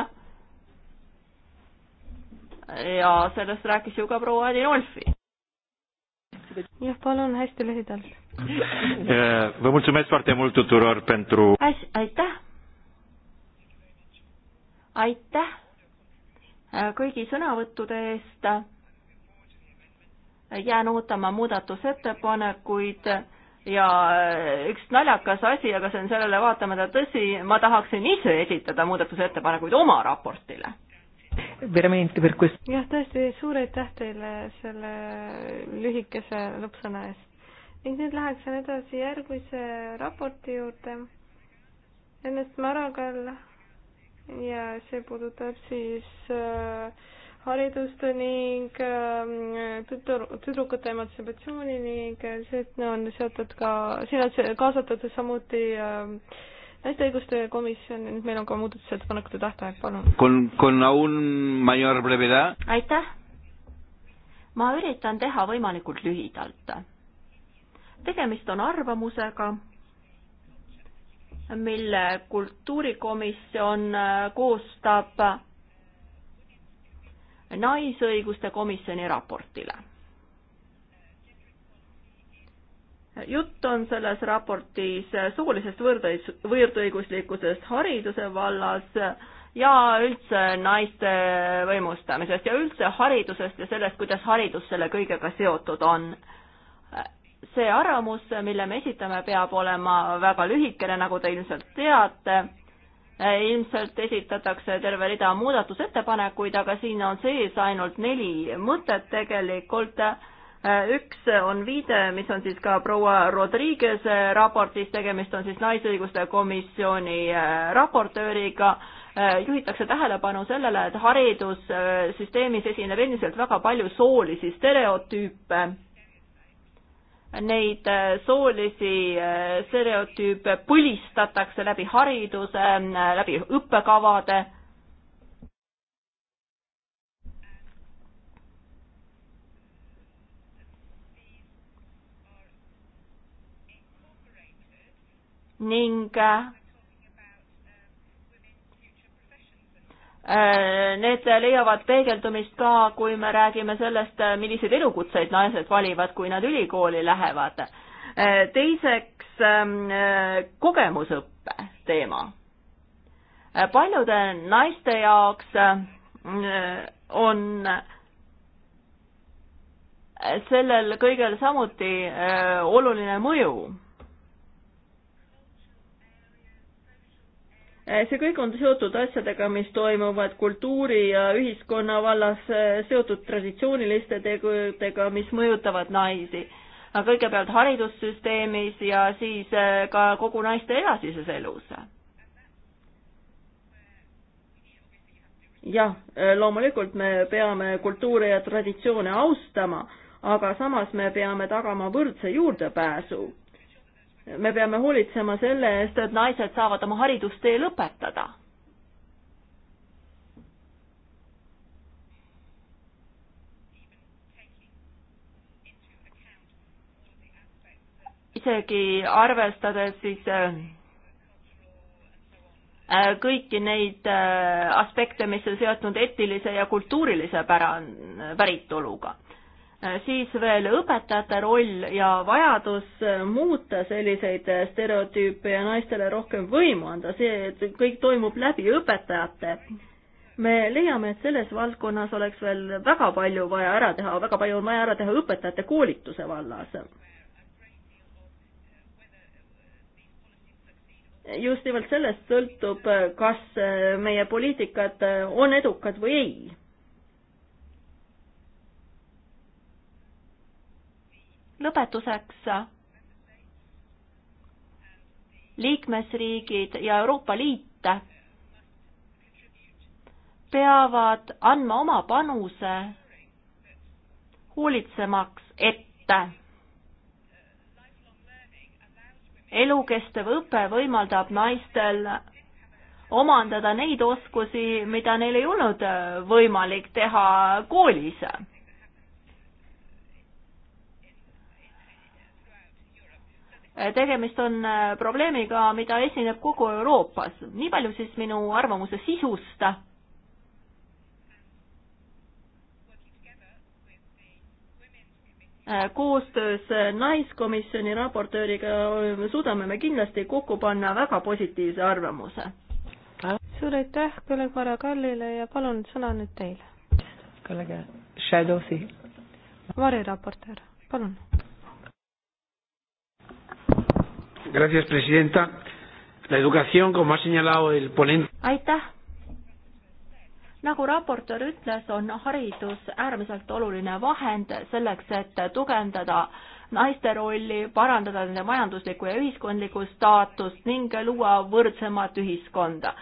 ja sellest rääkis ju ka proua Adinolfi. jah, palun hästi lühidalt. Eh, vă mulțumesc foarte mult tuturor pentru... Aitäh! Aitäh eh, kõigi sõnavõttude eest. jään ootama muudatusettepanekuid ja eh, üks naljakas asi, aga see on sellele vaatamata tõsi, ma tahaksin ise esitada muudatusettepanekuid oma raportile veramente per questo. jah, tõesti suur aitäh teile selle lühikese lõppsõna eest. ning nüüd läheksin edasi järgmise raporti juurde. Ennast Maragall ja see puudutab siis äh, haridust ning äh, tütar, tüdrukute emantsipatsiooni ning see on seotud ka, siin on kaasatud samuti äh, naiste õiguste komisjon, nüüd meil on ka muudatusettepanekute tähtaeg, palun. Con, con aun mayor brevedad. aitäh. ma üritan teha võimalikult lühidalt. tegemist on arvamusega, mille kultuurikomisjon koostab naisõiguste komisjoni raportile jutt on selles raportis soolisest võrdõis, võrdõiguslikkusest hariduse vallas ja üldse naiste võimustamisest ja üldse haridusest ja sellest, kuidas haridus selle kõigega seotud on. see arvamus, mille me esitame, peab olema väga lühikene, nagu te ilmselt teate. ilmselt esitatakse terve rida muudatusettepanekuid, aga siin on sees ainult neli mõtet tegelikult Äh, üks on viide, mis on siis ka proua Rodriguez'e raportis, tegemist on siis Naisõiguste Komisjoni äh, raportööriga, äh, juhitakse tähelepanu sellele, et haridussüsteemis esineb endiselt väga palju soolisi stereotüüpe. Neid soolisi stereotüüpe põlistatakse läbi hariduse, läbi õppekavade ning äh, need leiavad peegeldumist ka, kui me räägime sellest, milliseid elukutseid naised valivad, kui nad ülikooli lähevad. Äh, teiseks, ähm, äh, kogemusõppe teema. paljude naiste jaoks on sellel kõigel samuti oluline mõju Eh, see kõik on seotud asjadega, mis toimuvad kultuuri ja ühiskonna vallas, eh, seotud traditsiooniliste tegudega, mis mõjutavad naisi. kõigepealt haridussüsteemis ja siis eh, ka kogu naiste edasises elus. jah, loomulikult me peame kultuure ja traditsioone austama, aga samas me peame tagama võrdse juurdepääsu me peame hoolitsema selle eest, et naised saavad oma haridustee lõpetada. isegi arvestades siis äh, kõiki neid äh, aspekte, mis on seotud etilise ja kultuurilise pära-, päritoluga Äh, siis veel õpetajate roll ja vajadus äh, muuta selliseid äh, stereotüüpe ja naistele rohkem võimu anda, see kõik toimub läbi õpetajate. me leiame, et selles valdkonnas oleks veel väga palju vaja ära teha, väga palju on vaja ära teha õpetajate koolituse vallas just nimelt sellest sõltub, kas meie poliitikad on edukad või ei lõpetuseks liikmesriigid ja Euroopa Liit peavad andma oma panuse hoolitsemaks, et elukestev õpe võimaldab naistel omandada neid oskusi, mida neil ei olnud võimalik teha koolis Eh, tegemist on eh, probleemiga, mida esineb kogu Euroopas. nii palju siis minu arvamuse sisust. Eh, koostöös Naiskomisjoni raportööriga suudame me kindlasti kokku panna väga positiivse arvamuse. suur aitäh kolleeg Mara Kallile ja palun sõna nüüd teile. kolleeg Shadowsi. variraportöör, palun Gracias, presidenta. La educación, como ha señalado el ponente. aitäh. nagu raportöör ütles, on haridus äärmiselt oluline vahend selleks, et tugevdada naiste rolli, parandada nende majanduslikku ja ühiskondlikku staatust ning luua võrdsemat ühiskonda.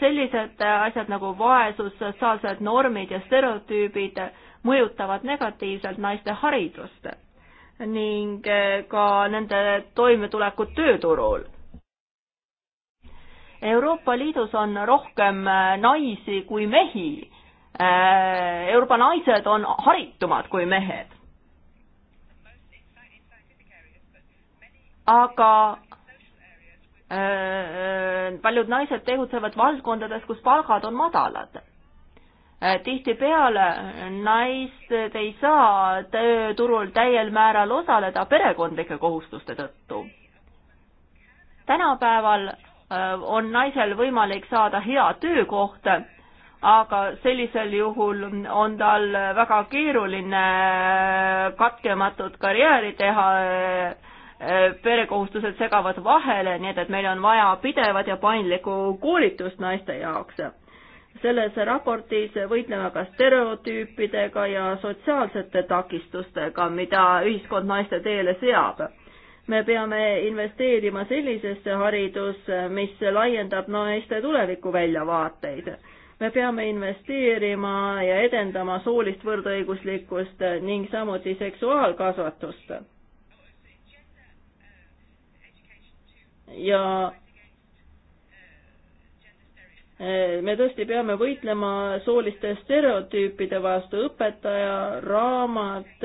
sellised asjad nagu vaesus, sotsiaalsed normid ja stereotüübid mõjutavad negatiivselt naiste haridust ning eh, ka nende toimetulekut tööturul. Euroopa Liidus on rohkem eh, naisi kui mehi. Eh, Euroopa naised on haritumad kui mehed. aga paljud naised tegutsevad valdkondades, kus palgad on madalad tihtipeale naised ei saa tööturul täiel määral osaleda perekondlike kohustuste tõttu. tänapäeval äh, on naisel võimalik saada hea töökoht, aga sellisel juhul on tal väga keeruline äh, katkematut karjääri teha, äh, perekohustused segavad vahele, nii et, et meil on vaja pidevat ja paindlikku koolitust naiste jaoks selles raportis võitleme ka stereotüüpidega ja sotsiaalsete takistustega, mida ühiskond naiste teele seab. me peame investeerima sellisesse haridusse, mis laiendab naiste tulevikuväljavaateid. me peame investeerima ja edendama soolist võrdõiguslikkust ning samuti seksuaalkasvatust. ja me tõesti peame võitlema sooliste stereotüüpide vastu, õpetaja, raamat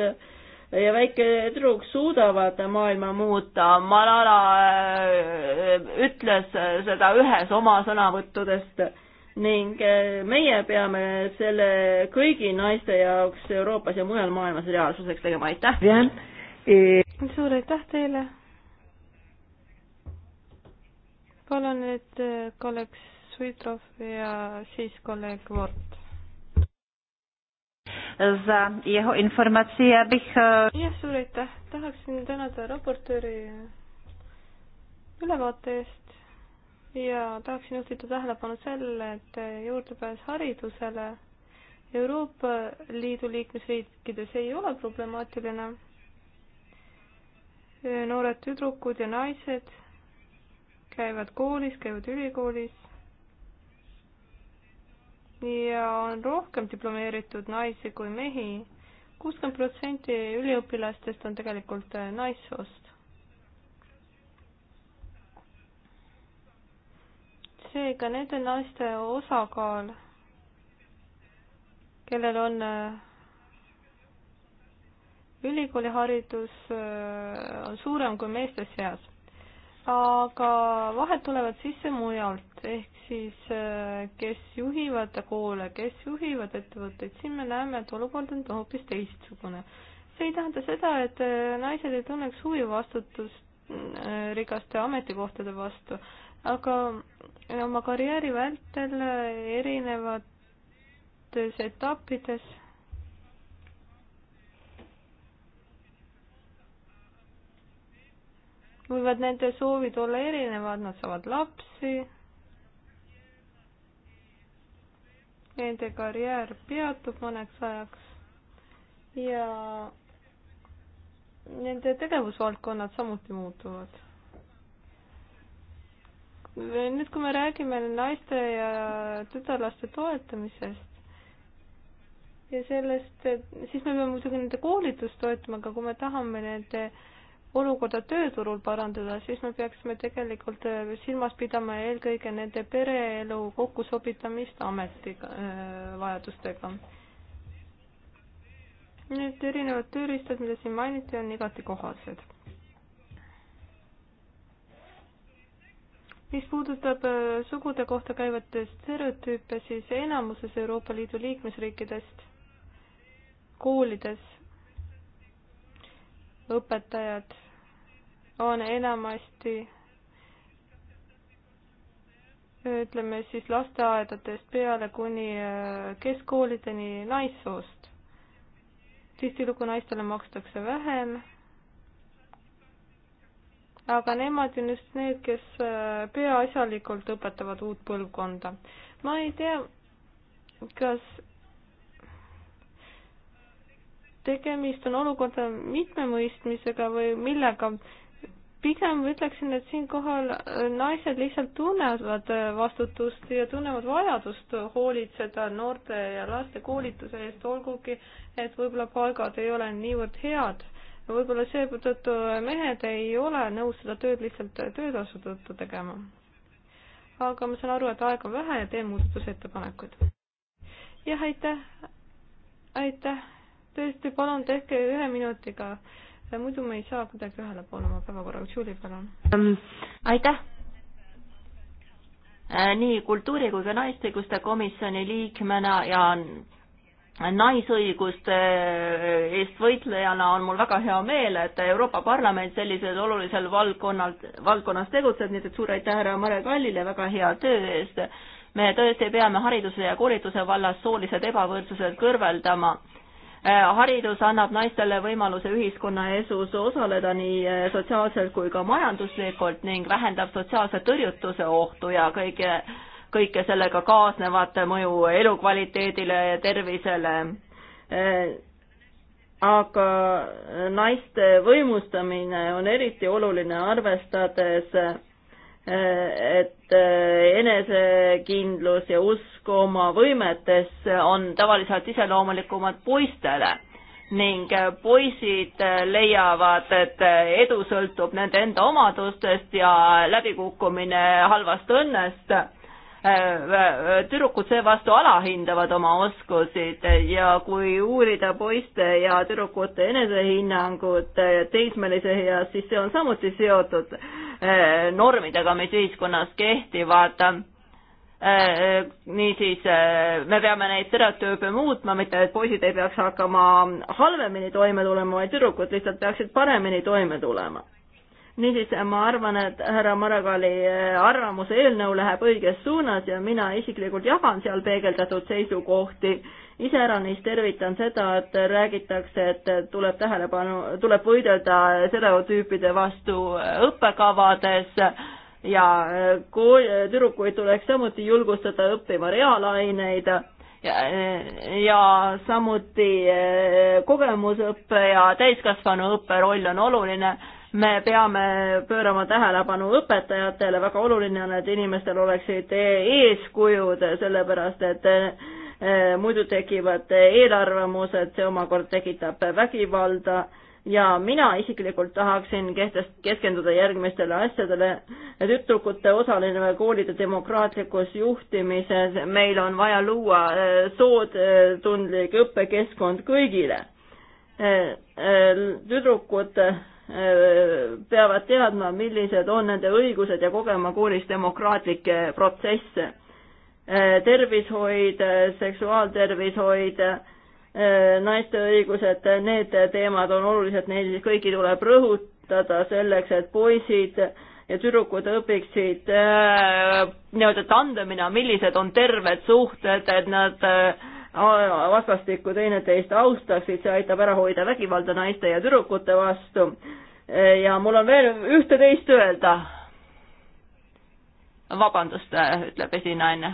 ja väike tüdruk suudavad maailma muuta. Malala äh, ütles seda ühes oma sõnavõttudest ning äh, meie peame selle kõigi naiste jaoks Euroopas ja mujal maailmas reaalsuseks tegema, aitäh! E- suur aitäh teile! palun, et äh, oleks Svitrov ja siis kolleeg Vort. za jeho informatsi ja bih... Eh, jah, suur aitäh, tahaksin tänada raportööri ülevaate eest ja tahaksin juhtida tähelepanu sellele, et juurdepääs haridusele Euroopa Liidu liikmesriikides ei ole problemaatiline. noored tüdrukud ja naised käivad koolis, käivad ülikoolis ja on rohkem diplomeeritud naisi kui mehi. kuuskümmend protsenti üliõpilastest on tegelikult äh, naissoost. seega nende naiste osakaal, kellel on äh, ülikooliharidus, äh, on suurem kui meeste seas aga vahed tulevad sisse mujalt, ehk siis äh, kes juhivad koole, kes juhivad ettevõtteid, siin me näeme, et olukord on hoopis teistsugune. see ei tähenda seda, et äh, naised ei tunneks huvi vastutust äh, rikaste ametikohtade vastu, aga oma karjääri vältel erinevates etappides võivad nende soovid olla erinevad, nad saavad lapsi, nende karjäär peatub mõneks ajaks ja nende tegevusvaldkonnad samuti muutuvad. nüüd, kui me räägime naiste ja tütarlaste toetamisest, ja sellest, siis me peame muidugi nende koolitust toetama, aga kui me tahame nende äh, olukorda tööturul parandada, siis me peaksime tegelikult äh, silmas pidama eelkõige nende pereelu kokkusobitamist ametiga, äh, vajadustega. Need erinevad tööriistad, mida siin mainiti, on igati kohased. mis puudutab äh, sugude kohta käivat stereotüüpe, siis enamuses Euroopa Liidu liikmesriikidest koolides õpetajad on enamasti ütleme siis lasteaedadest peale kuni äh, keskkoolideni naissoost. tihtilugu naistele makstakse vähem. aga nemad on just need, kes äh, peaasjalikult õpetavad uut põlvkonda. ma ei tea, kas tegemist on olukorda mitmemõistmisega või millega. pigem ütleksin, et siinkohal äh, naised lihtsalt tunnevad äh, vastutust ja tunnevad vajadust hoolitseda noorte ja laste koolituse eest, olgugi et võib-olla palgad ei ole niivõrd head. võib-olla seetõttu mehed ei ole nõus seda tööd lihtsalt töötasu tõttu tegema. aga ma saan aru, et aega on vähe ja teen muudatusettepanekuid. jah, aitäh, aitäh tõesti, palun tehke ühe minutiga, muidu me ei saa kuidagi ühele poole oma päevakorraga. Julie, palun um,. aitäh äh, nii kultuuri kui ka naisõiguste komisjoni liikmena ja naisõiguste äh, eest võitlejana on mul väga hea meel, et Euroopa Parlament sellisel olulisel valdkonnal, valdkonnas tegutseb, nii et suur aitäh härra Mare Kallile väga hea töö eest. me tõesti peame hariduse ja koolituse vallas soolised ebavõrdsused kõrveldama Äh, haridus annab naistele võimaluse ühiskonnaesus osaleda nii äh, sotsiaalselt kui ka majanduslikult ning vähendab sotsiaalse tõrjutuse ohtu ja kõige, kõike sellega kaasnevat mõju elukvaliteedile ja tervisele. Äh, aga naiste võimustamine on eriti oluline, arvestades et enesekindlus ja usk usku oma võimetesse on tavaliselt iseloomulikumad poistele ning poisid leiavad, et edu sõltub nende enda omadustest ja läbikukkumine halvast õnnest. tüdrukud seevastu alahindavad oma oskusid ja kui uurida poiste ja tüdrukute enesehinnangut teismelise eas, siis see on samuti seotud eh, normidega, mis ühiskonnas kehtivad niisiis äh, me peame neid stereotüüpe muutma, mitte et poisid ei peaks hakkama halvemini toime tulema, vaid tüdrukud lihtsalt peaksid paremini toime tulema. niisiis, ma arvan, et härra Maragali äh, arvamuse eelnõu läheb õiges suunas ja mina isiklikult jagan seal peegeldatud seisukohti. iseäranis tervitan seda, et räägitakse, et tuleb tähelepanu, tuleb võidelda stereotüüpide vastu õppekavades ja äh, kool, äh, tüdrukuid tuleks samuti julgustada õppima reaalaineid ja, äh, ja samuti kogemusõppe ja täiskasvanuõppe roll on oluline. me peame pöörama tähelepanu õpetajatele, väga oluline on, et inimestel oleksid e-, eeskujud, sellepärast et muidu tekivad eelarvamused, see omakorda tekitab vägivalda ja mina isiklikult tahaksin kehtest-, keskenduda järgmistele asjadele. tüdrukute osalemine koolide demokraatlikus juhtimises, meil on vaja luua äh, sootundlik õppekeskkond kõigile. Äh, äh, tüdrukud peavad teadma, millised on nende õigused ja kogema koolis demokraatlikke protsesse. tervishoid, seksuaaltervishoid naiste õigused, need teemad on olulised, neid kõiki tuleb rõhutada selleks, et poisid ja tüdrukud õpiksid äh, nii-öelda tandemina, millised on terved suhted, et nad äh, vastastikku teineteist austaksid, see aitab ära hoida vägivalda naiste ja tüdrukute vastu. ja mul on veel ühte-teist öelda. vabandust, äh, ütleb esinaine.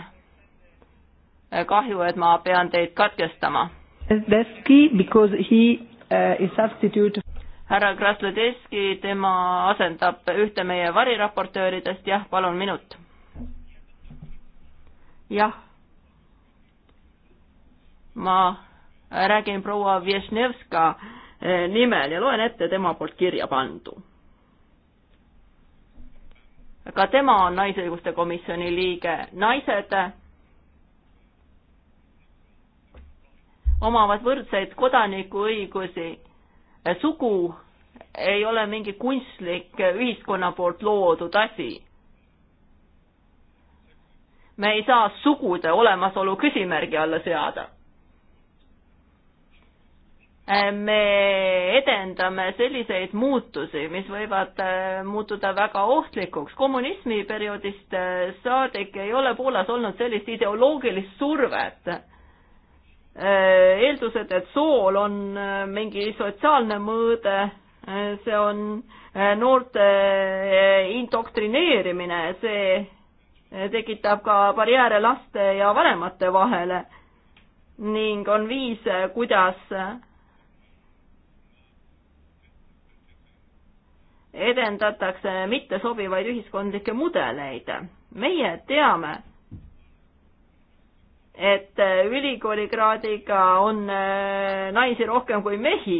kahju, et ma pean teid katkestama Desky because he uh, is substitute härra Krasnodeski, tema asendab ühte meie variraportööridest, jah, palun minut. jah. ma räägin proua Vjesnevska eh, nimel ja loen ette tema poolt kirja pandu. ka tema on Naisõiguste Komisjoni liige, naised omavad võrdseid kodanikuõigusi. sugu ei ole mingi kunstlik ühiskonna poolt loodud asi. me ei saa sugude olemasolu küsimärgi alla seada. me edendame selliseid muutusi, mis võivad äh, muutuda väga ohtlikuks. kommunismi perioodist äh, saadik ei ole Poolas olnud sellist ideoloogilist survet Äh, eeldused, et sool on äh, mingi sotsiaalne mõõde, äh, see on noorte indoktrineerimine, see tekitab ka barjääre laste ja vanemate vahele ning on viis, kuidas edendatakse mittesobivaid ühiskondlikke mudeleid. meie teame, et äh, ülikoolikraadiga on äh, naisi rohkem kui mehi.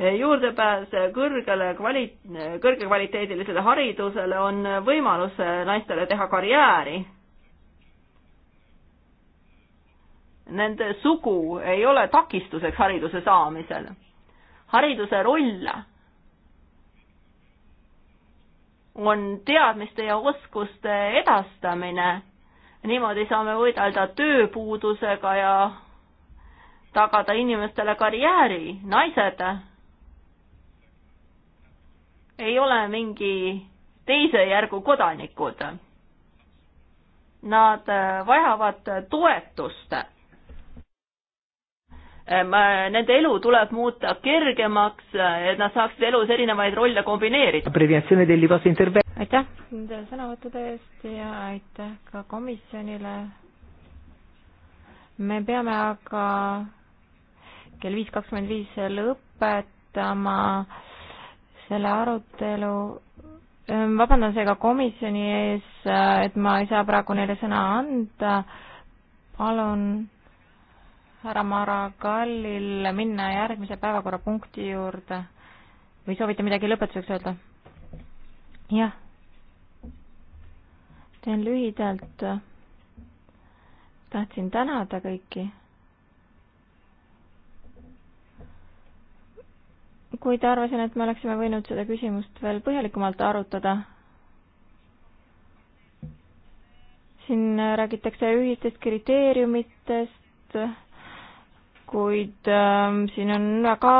Äh, juurdepääs kõrgele kvali-, kõrgekvaliteedilisele haridusele on võimalus naistele teha karjääri. Nende sugu ei ole takistuseks hariduse saamisel. hariduse roll on teadmiste ja oskuste edastamine niimoodi saame võidelda tööpuudusega ja tagada inimestele karjääri, naised ei ole mingi teise järgu kodanikud. Nad vajavad toetust. Nende elu tuleb muuta kergemaks, et nad saaksid elus erinevaid rolle kombineerida aitäh nende sõnavõttude eest ja aitäh ka komisjonile. me peame aga kell viis kakskümmend viis lõpetama selle arutelu. Ehm, vabandan seega komisjoni ees, et ma ei saa praegu neile sõna anda. palun härra Mara Kallil minna järgmise päevakorrapunkti juurde või soovite midagi lõpetuseks öelda? jah teen lühidalt. tahtsin tänada kõiki. kuid arvasin, et me oleksime võinud seda küsimust veel põhjalikumalt arutada. siin räägitakse ühistest kriteeriumitest, kuid äh, siin on väga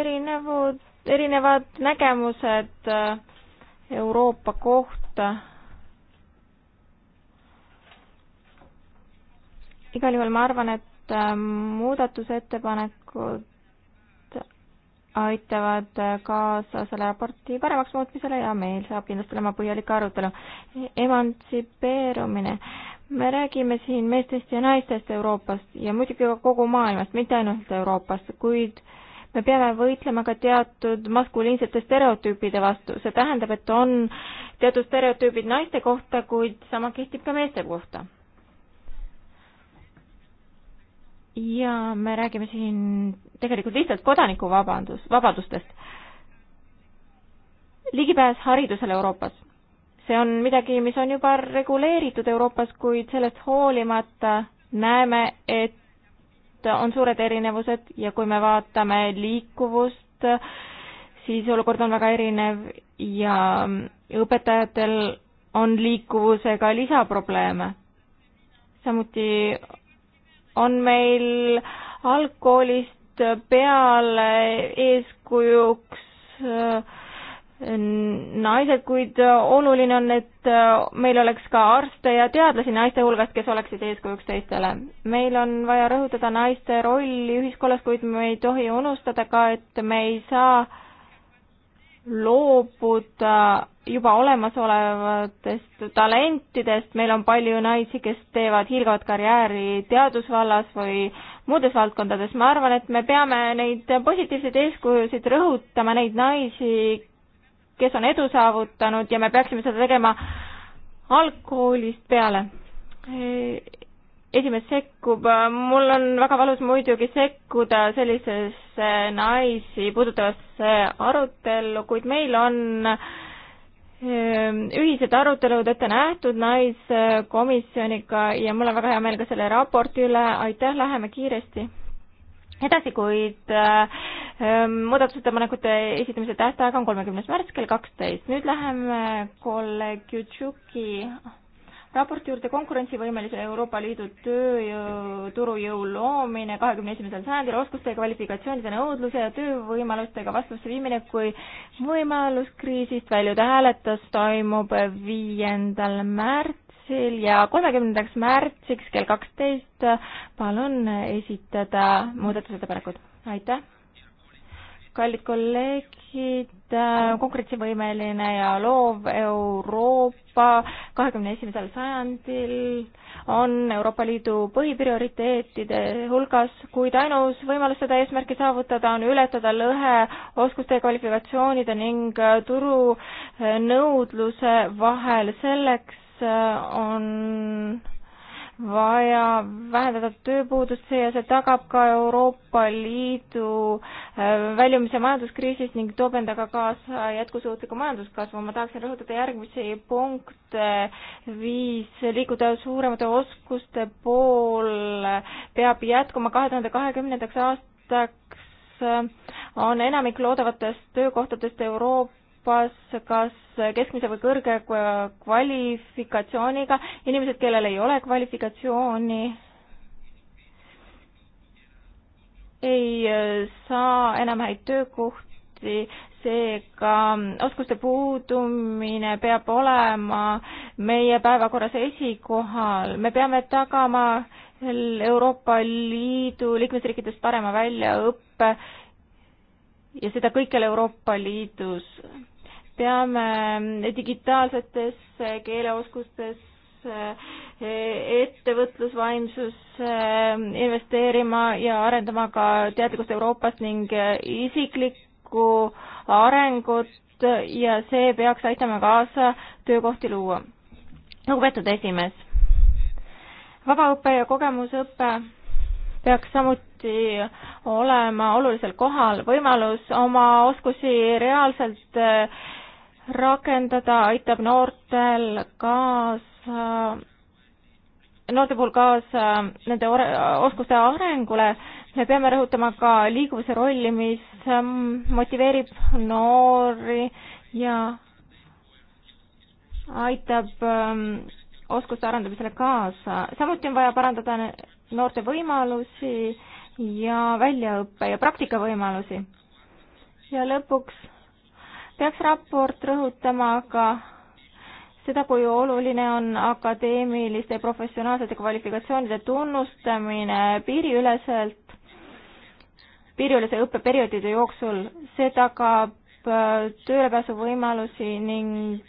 erinevad, erinevad nägemused äh, Euroopa kohta igal juhul ma arvan, et ähm, muudatusettepanekud aitavad äh, kaasa selle raporti paremaks muutmisele ja meil saab kindlasti olema põhjalik arutelu. emantsipeerumine. me räägime siin meestest ja naistest Euroopast ja muidugi ka kogu maailmast, mitte ainult Euroopast, kuid me peame võitlema ka teatud maskuliinsete stereotüüpide vastu, see tähendab, et on teatud stereotüübid naiste kohta, kuid sama kehtib ka meeste kohta. ja me räägime siin tegelikult lihtsalt kodanikuvabandus, vabadustest. ligipääs haridusele Euroopas. see on midagi, mis on juba reguleeritud Euroopas, kuid sellest hoolimata näeme, et on suured erinevused ja kui me vaatame liikuvust, siis olukord on väga erinev ja õpetajatel on liikuvusega lisaprobleeme. samuti on meil algkoolist peale eeskujuks äh, naised, kuid oluline on, et äh, meil oleks ka arste ja teadlasi naiste hulgas, kes oleksid eeskujuks teistele. meil on vaja rõhutada naiste rolli ühiskonnas, kuid me ei tohi unustada ka, et me ei saa loobuda juba olemasolevatest talentidest, meil on palju naisi, kes teevad hiilgavat karjääri teadusvallas või muudes valdkondades, ma arvan, et me peame neid positiivseid eeskujusid rõhutama, neid naisi, kes on edu saavutanud ja me peaksime seda tegema algkoolist peale esimees sekkub, mul on väga valus muidugi sekkuda sellisesse naisi puudutavasse arutellu, kuid meil on ehm, ühised arutelud ette nähtud naiskomisjoniga ja mul on väga hea meel ka selle raporti üle, aitäh, läheme kiiresti edasi, kuid äh, muudatusettepanekute esitamise tähtaeg on kolmekümnes märts kell kaksteist. nüüd läheme kolleeg Jutšuki raporti juurde konkurentsivõimelise Euroopa Liidu tööturujõu loomine kahekümne esimesel sajandil, oskuste ja kvalifikatsioonide nõudluse ja töövõimalustega vastusse viimine kui võimalus kriisist väljuda. hääletus toimub viiendal märtsil ja kolmekümnendaks märtsiks kell kaksteist palun esitada muudatusettepanekud. aitäh! kallid kolleegid, äh, konkurentsivõimeline ja loov Euroopa kahekümne esimesel sajandil on Euroopa Liidu põhiprioriteetide hulgas, kuid ainus võimalus seda eesmärki saavutada on ületada lõhe oskuste ja kvalifikatsioonide ning äh, turu nõudluse vahel. selleks äh, on vaja vähendada tööpuudust, see ja see tagab ka Euroopa Liidu äh, väljumise majanduskriisist ning toob endaga kaasa jätkusuutliku majanduskasvu. ma tahaksin rõhutada järgmisi punkte. viis, liikuda suuremate oskuste poole peab jätkuma kahe tuhande kahekümnendaks aastaks on enamik loodavatest töökohtadest Euroopa Euroopas, kas keskmise või kõrge kvalifikatsiooniga, inimesed, kellel ei ole kvalifikatsiooni, ei saa enam häid töökohti, seega oskuste puudumine peab olema meie päevakorras esikohal. me peame tagama Euroopa Liidu liikmesriikides parema väljaõppe ja seda kõikjal Euroopa Liidus peame digitaalsetesse keeleoskustesse, ettevõtlusvaimsusse investeerima ja arendama ka teadlikkust Euroopast ning isiklikku arengut ja see peaks aitama kaasa töökohti luua. lugupeetud esimees, vabaõpe ja kogemusõpe peaks samuti olema olulisel kohal võimalus oma oskusi reaalselt rakendada, aitab noortel kaasa, noorte puhul kaasa nende oskuste arengule. me peame rõhutama ka liikuvuse rolli, mis ähm, motiveerib noori ja aitab ähm, oskuste arendamisele kaasa. samuti on vaja parandada noorte võimalusi ja väljaõppe ja praktikavõimalusi. ja lõpuks peaks raport rõhutama ka seda, kui oluline on akadeemiliste professionaalsete kvalifikatsioonide tunnustamine piiriüleselt, piiriülese õppeperioodide jooksul, see tagab äh, töölepääsuvõimalusi ning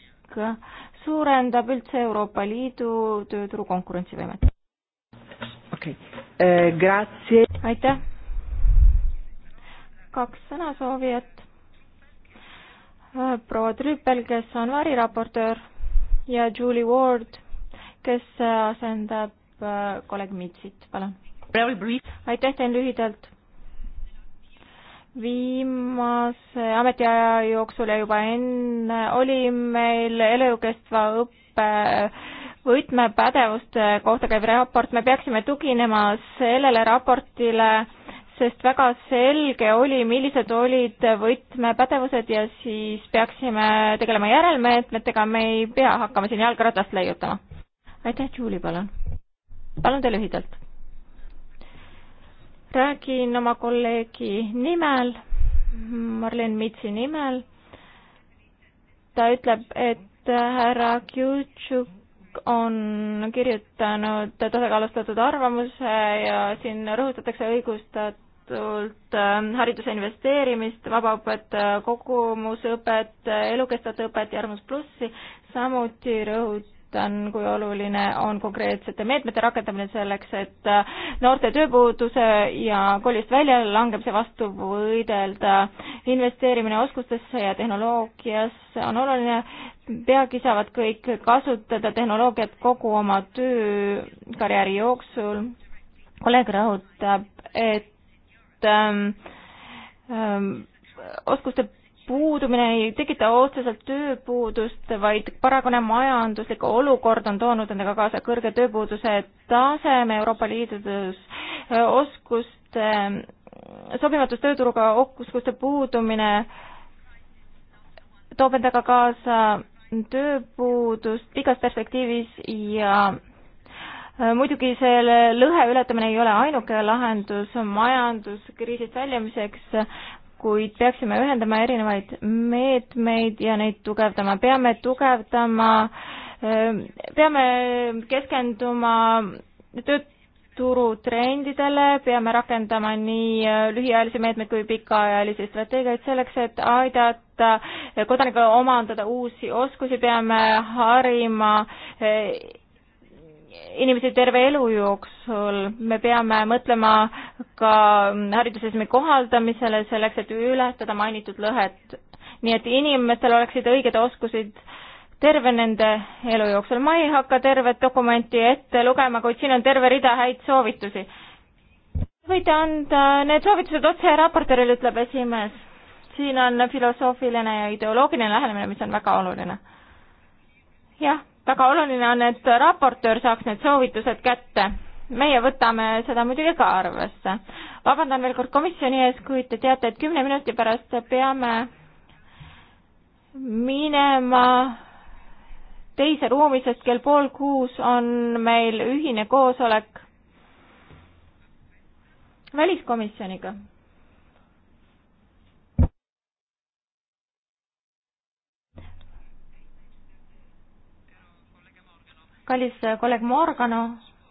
suurendab üldse Euroopa Liidu tööturu konkurentsivõimet. okei okay. eh,, äh, grazie. aitäh. kaks sõnasoovijat. Äh, proua Trüppel, kes on variraportöör ja Julie Ward, kes äh, asendab äh, kolleeg Mitsit, palun. aitäh, teen lühidalt. viimase ametiaja jooksul ja juba enne oli meil elukestva õppe võtmepädevuste kohta käiv raport, me peaksime tuginema sellele raportile sest väga selge oli, millised olid võtmepädevused ja siis peaksime tegelema järelmeetmetega, me ei pea hakkama siin jalgratast leiutama. aitäh, Julie, palun. palun te lühidalt. räägin oma kolleegi nimel, Marlen Mitsi nimel. ta ütleb, et härra Kjutšuk on kirjutanud tasakaalustatud arvamuse ja siin rõhutatakse õigustat-, tohutult äh, hariduse investeerimist, vabaõpet, äh, kogumusõpet, äh, elukestvat õpet ja Armus plussi, samuti rõhutan, kui oluline on konkreetsete meetmete rakendamine selleks, et noorte tööpuuduse ja koolist väljalangemise vastu võidelda. investeerimine oskustesse ja tehnoloogiasse on oluline, peagi saavad kõik kasutada tehnoloogiat kogu oma töökarjääri jooksul kolleeg rõhutab, et et ähm, ähm, oskuste puudumine ei tekita otseselt tööpuudust, vaid paragune majanduslik olukord on toonud endaga kaasa kõrge tööpuuduse taseme Euroopa Liidus. oskuste, sobimatus tööturuga oskuste puudumine toob endaga kaasa tööpuudust pikas perspektiivis ja Äh, muidugi selle lõhe ületamine ei ole ainuke lahendus majanduskriisist väljumiseks, kuid peaksime ühendama erinevaid meetmeid ja neid tugevdama. peame tugevdama, ähm, peame keskenduma tööt-, turutrendidele, peame rakendama nii äh, lühiajalisi meetmeid kui pikaajalisi strateegiaid selleks, et aidata äh, kodanikel omandada uusi oskusi, peame harima inimesi terve elu jooksul, me peame mõtlema ka haridusesemi kohaldamisele selleks, et ületada mainitud lõhet. nii et inimestel oleksid õiged oskused terve nende elu jooksul. ma ei hakka tervet dokumenti ette lugema, kuid siin on terve rida häid soovitusi. võite anda need soovitused otse raportööril, ütleb esimees. siin on filosoofiline ja ideoloogiline lähenemine, mis on väga oluline. jah väga oluline on, et raportöör saaks need soovitused kätte. meie võtame seda muidugi ka arvesse. vabandan veel kord komisjoni ees, kuid te teate, et kümne minuti pärast peame minema teise ruumi, sest kell pool kuus on meil ühine koosolek väliskomisjoniga kallis äh, kolleeg Morgano,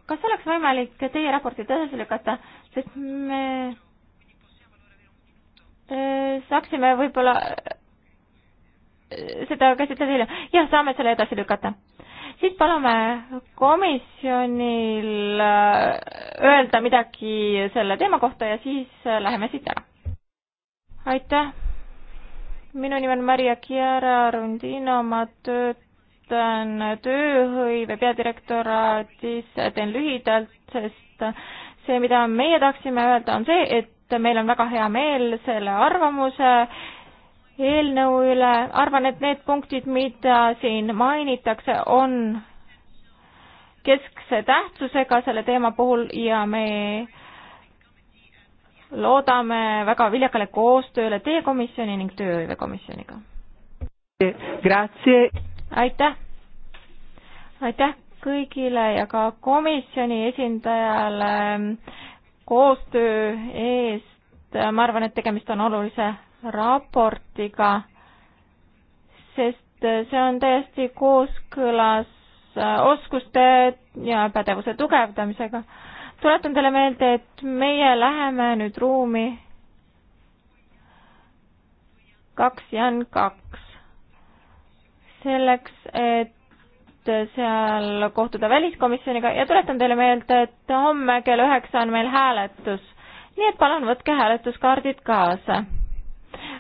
kas oleks võimalik teie raportit edasi lükata, sest me äh, saaksime võib-olla äh, seda käsitleda hiljem. jah, saame selle edasi lükata. siis palume komisjonil öelda midagi selle teema kohta ja siis läheme siit ära. aitäh. minu nimi on Maria Chiara Rundino, ma töötan töötan tööhõive peadirektoraadis, teen lühidalt, sest see, mida meie tahaksime öelda, on see, et meil on väga hea meel selle arvamuse eelnõu üle, arvan, et need punktid, mida siin mainitakse, on keskse tähtsusega selle teema puhul ja me loodame väga viljakale koostööle teie komisjoni ning tööhõivekomisjoniga. Grazie aitäh! aitäh kõigile ja ka komisjoni esindajale koostöö eest. ma arvan, et tegemist on olulise raportiga, sest see on täiesti kooskõlas oskuste ja pädevuse tugevdamisega. tuletan teile meelde, et meie läheme nüüd ruumi kaks Jan kaks selleks, et seal kohtuda väliskomisjoniga ja tuletan teile meelde, et homme kell üheksa on meil hääletus. nii et palun võtke hääletuskaardid kaasa.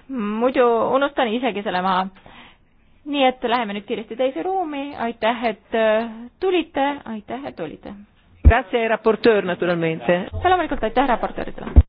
muidu unustan isegi selle maha. nii et läheme nüüd kiiresti teise ruumi, aitäh, et tulite, aitäh, et olite. Grazie raportöör naturalmente. loomulikult aitäh raportööridele.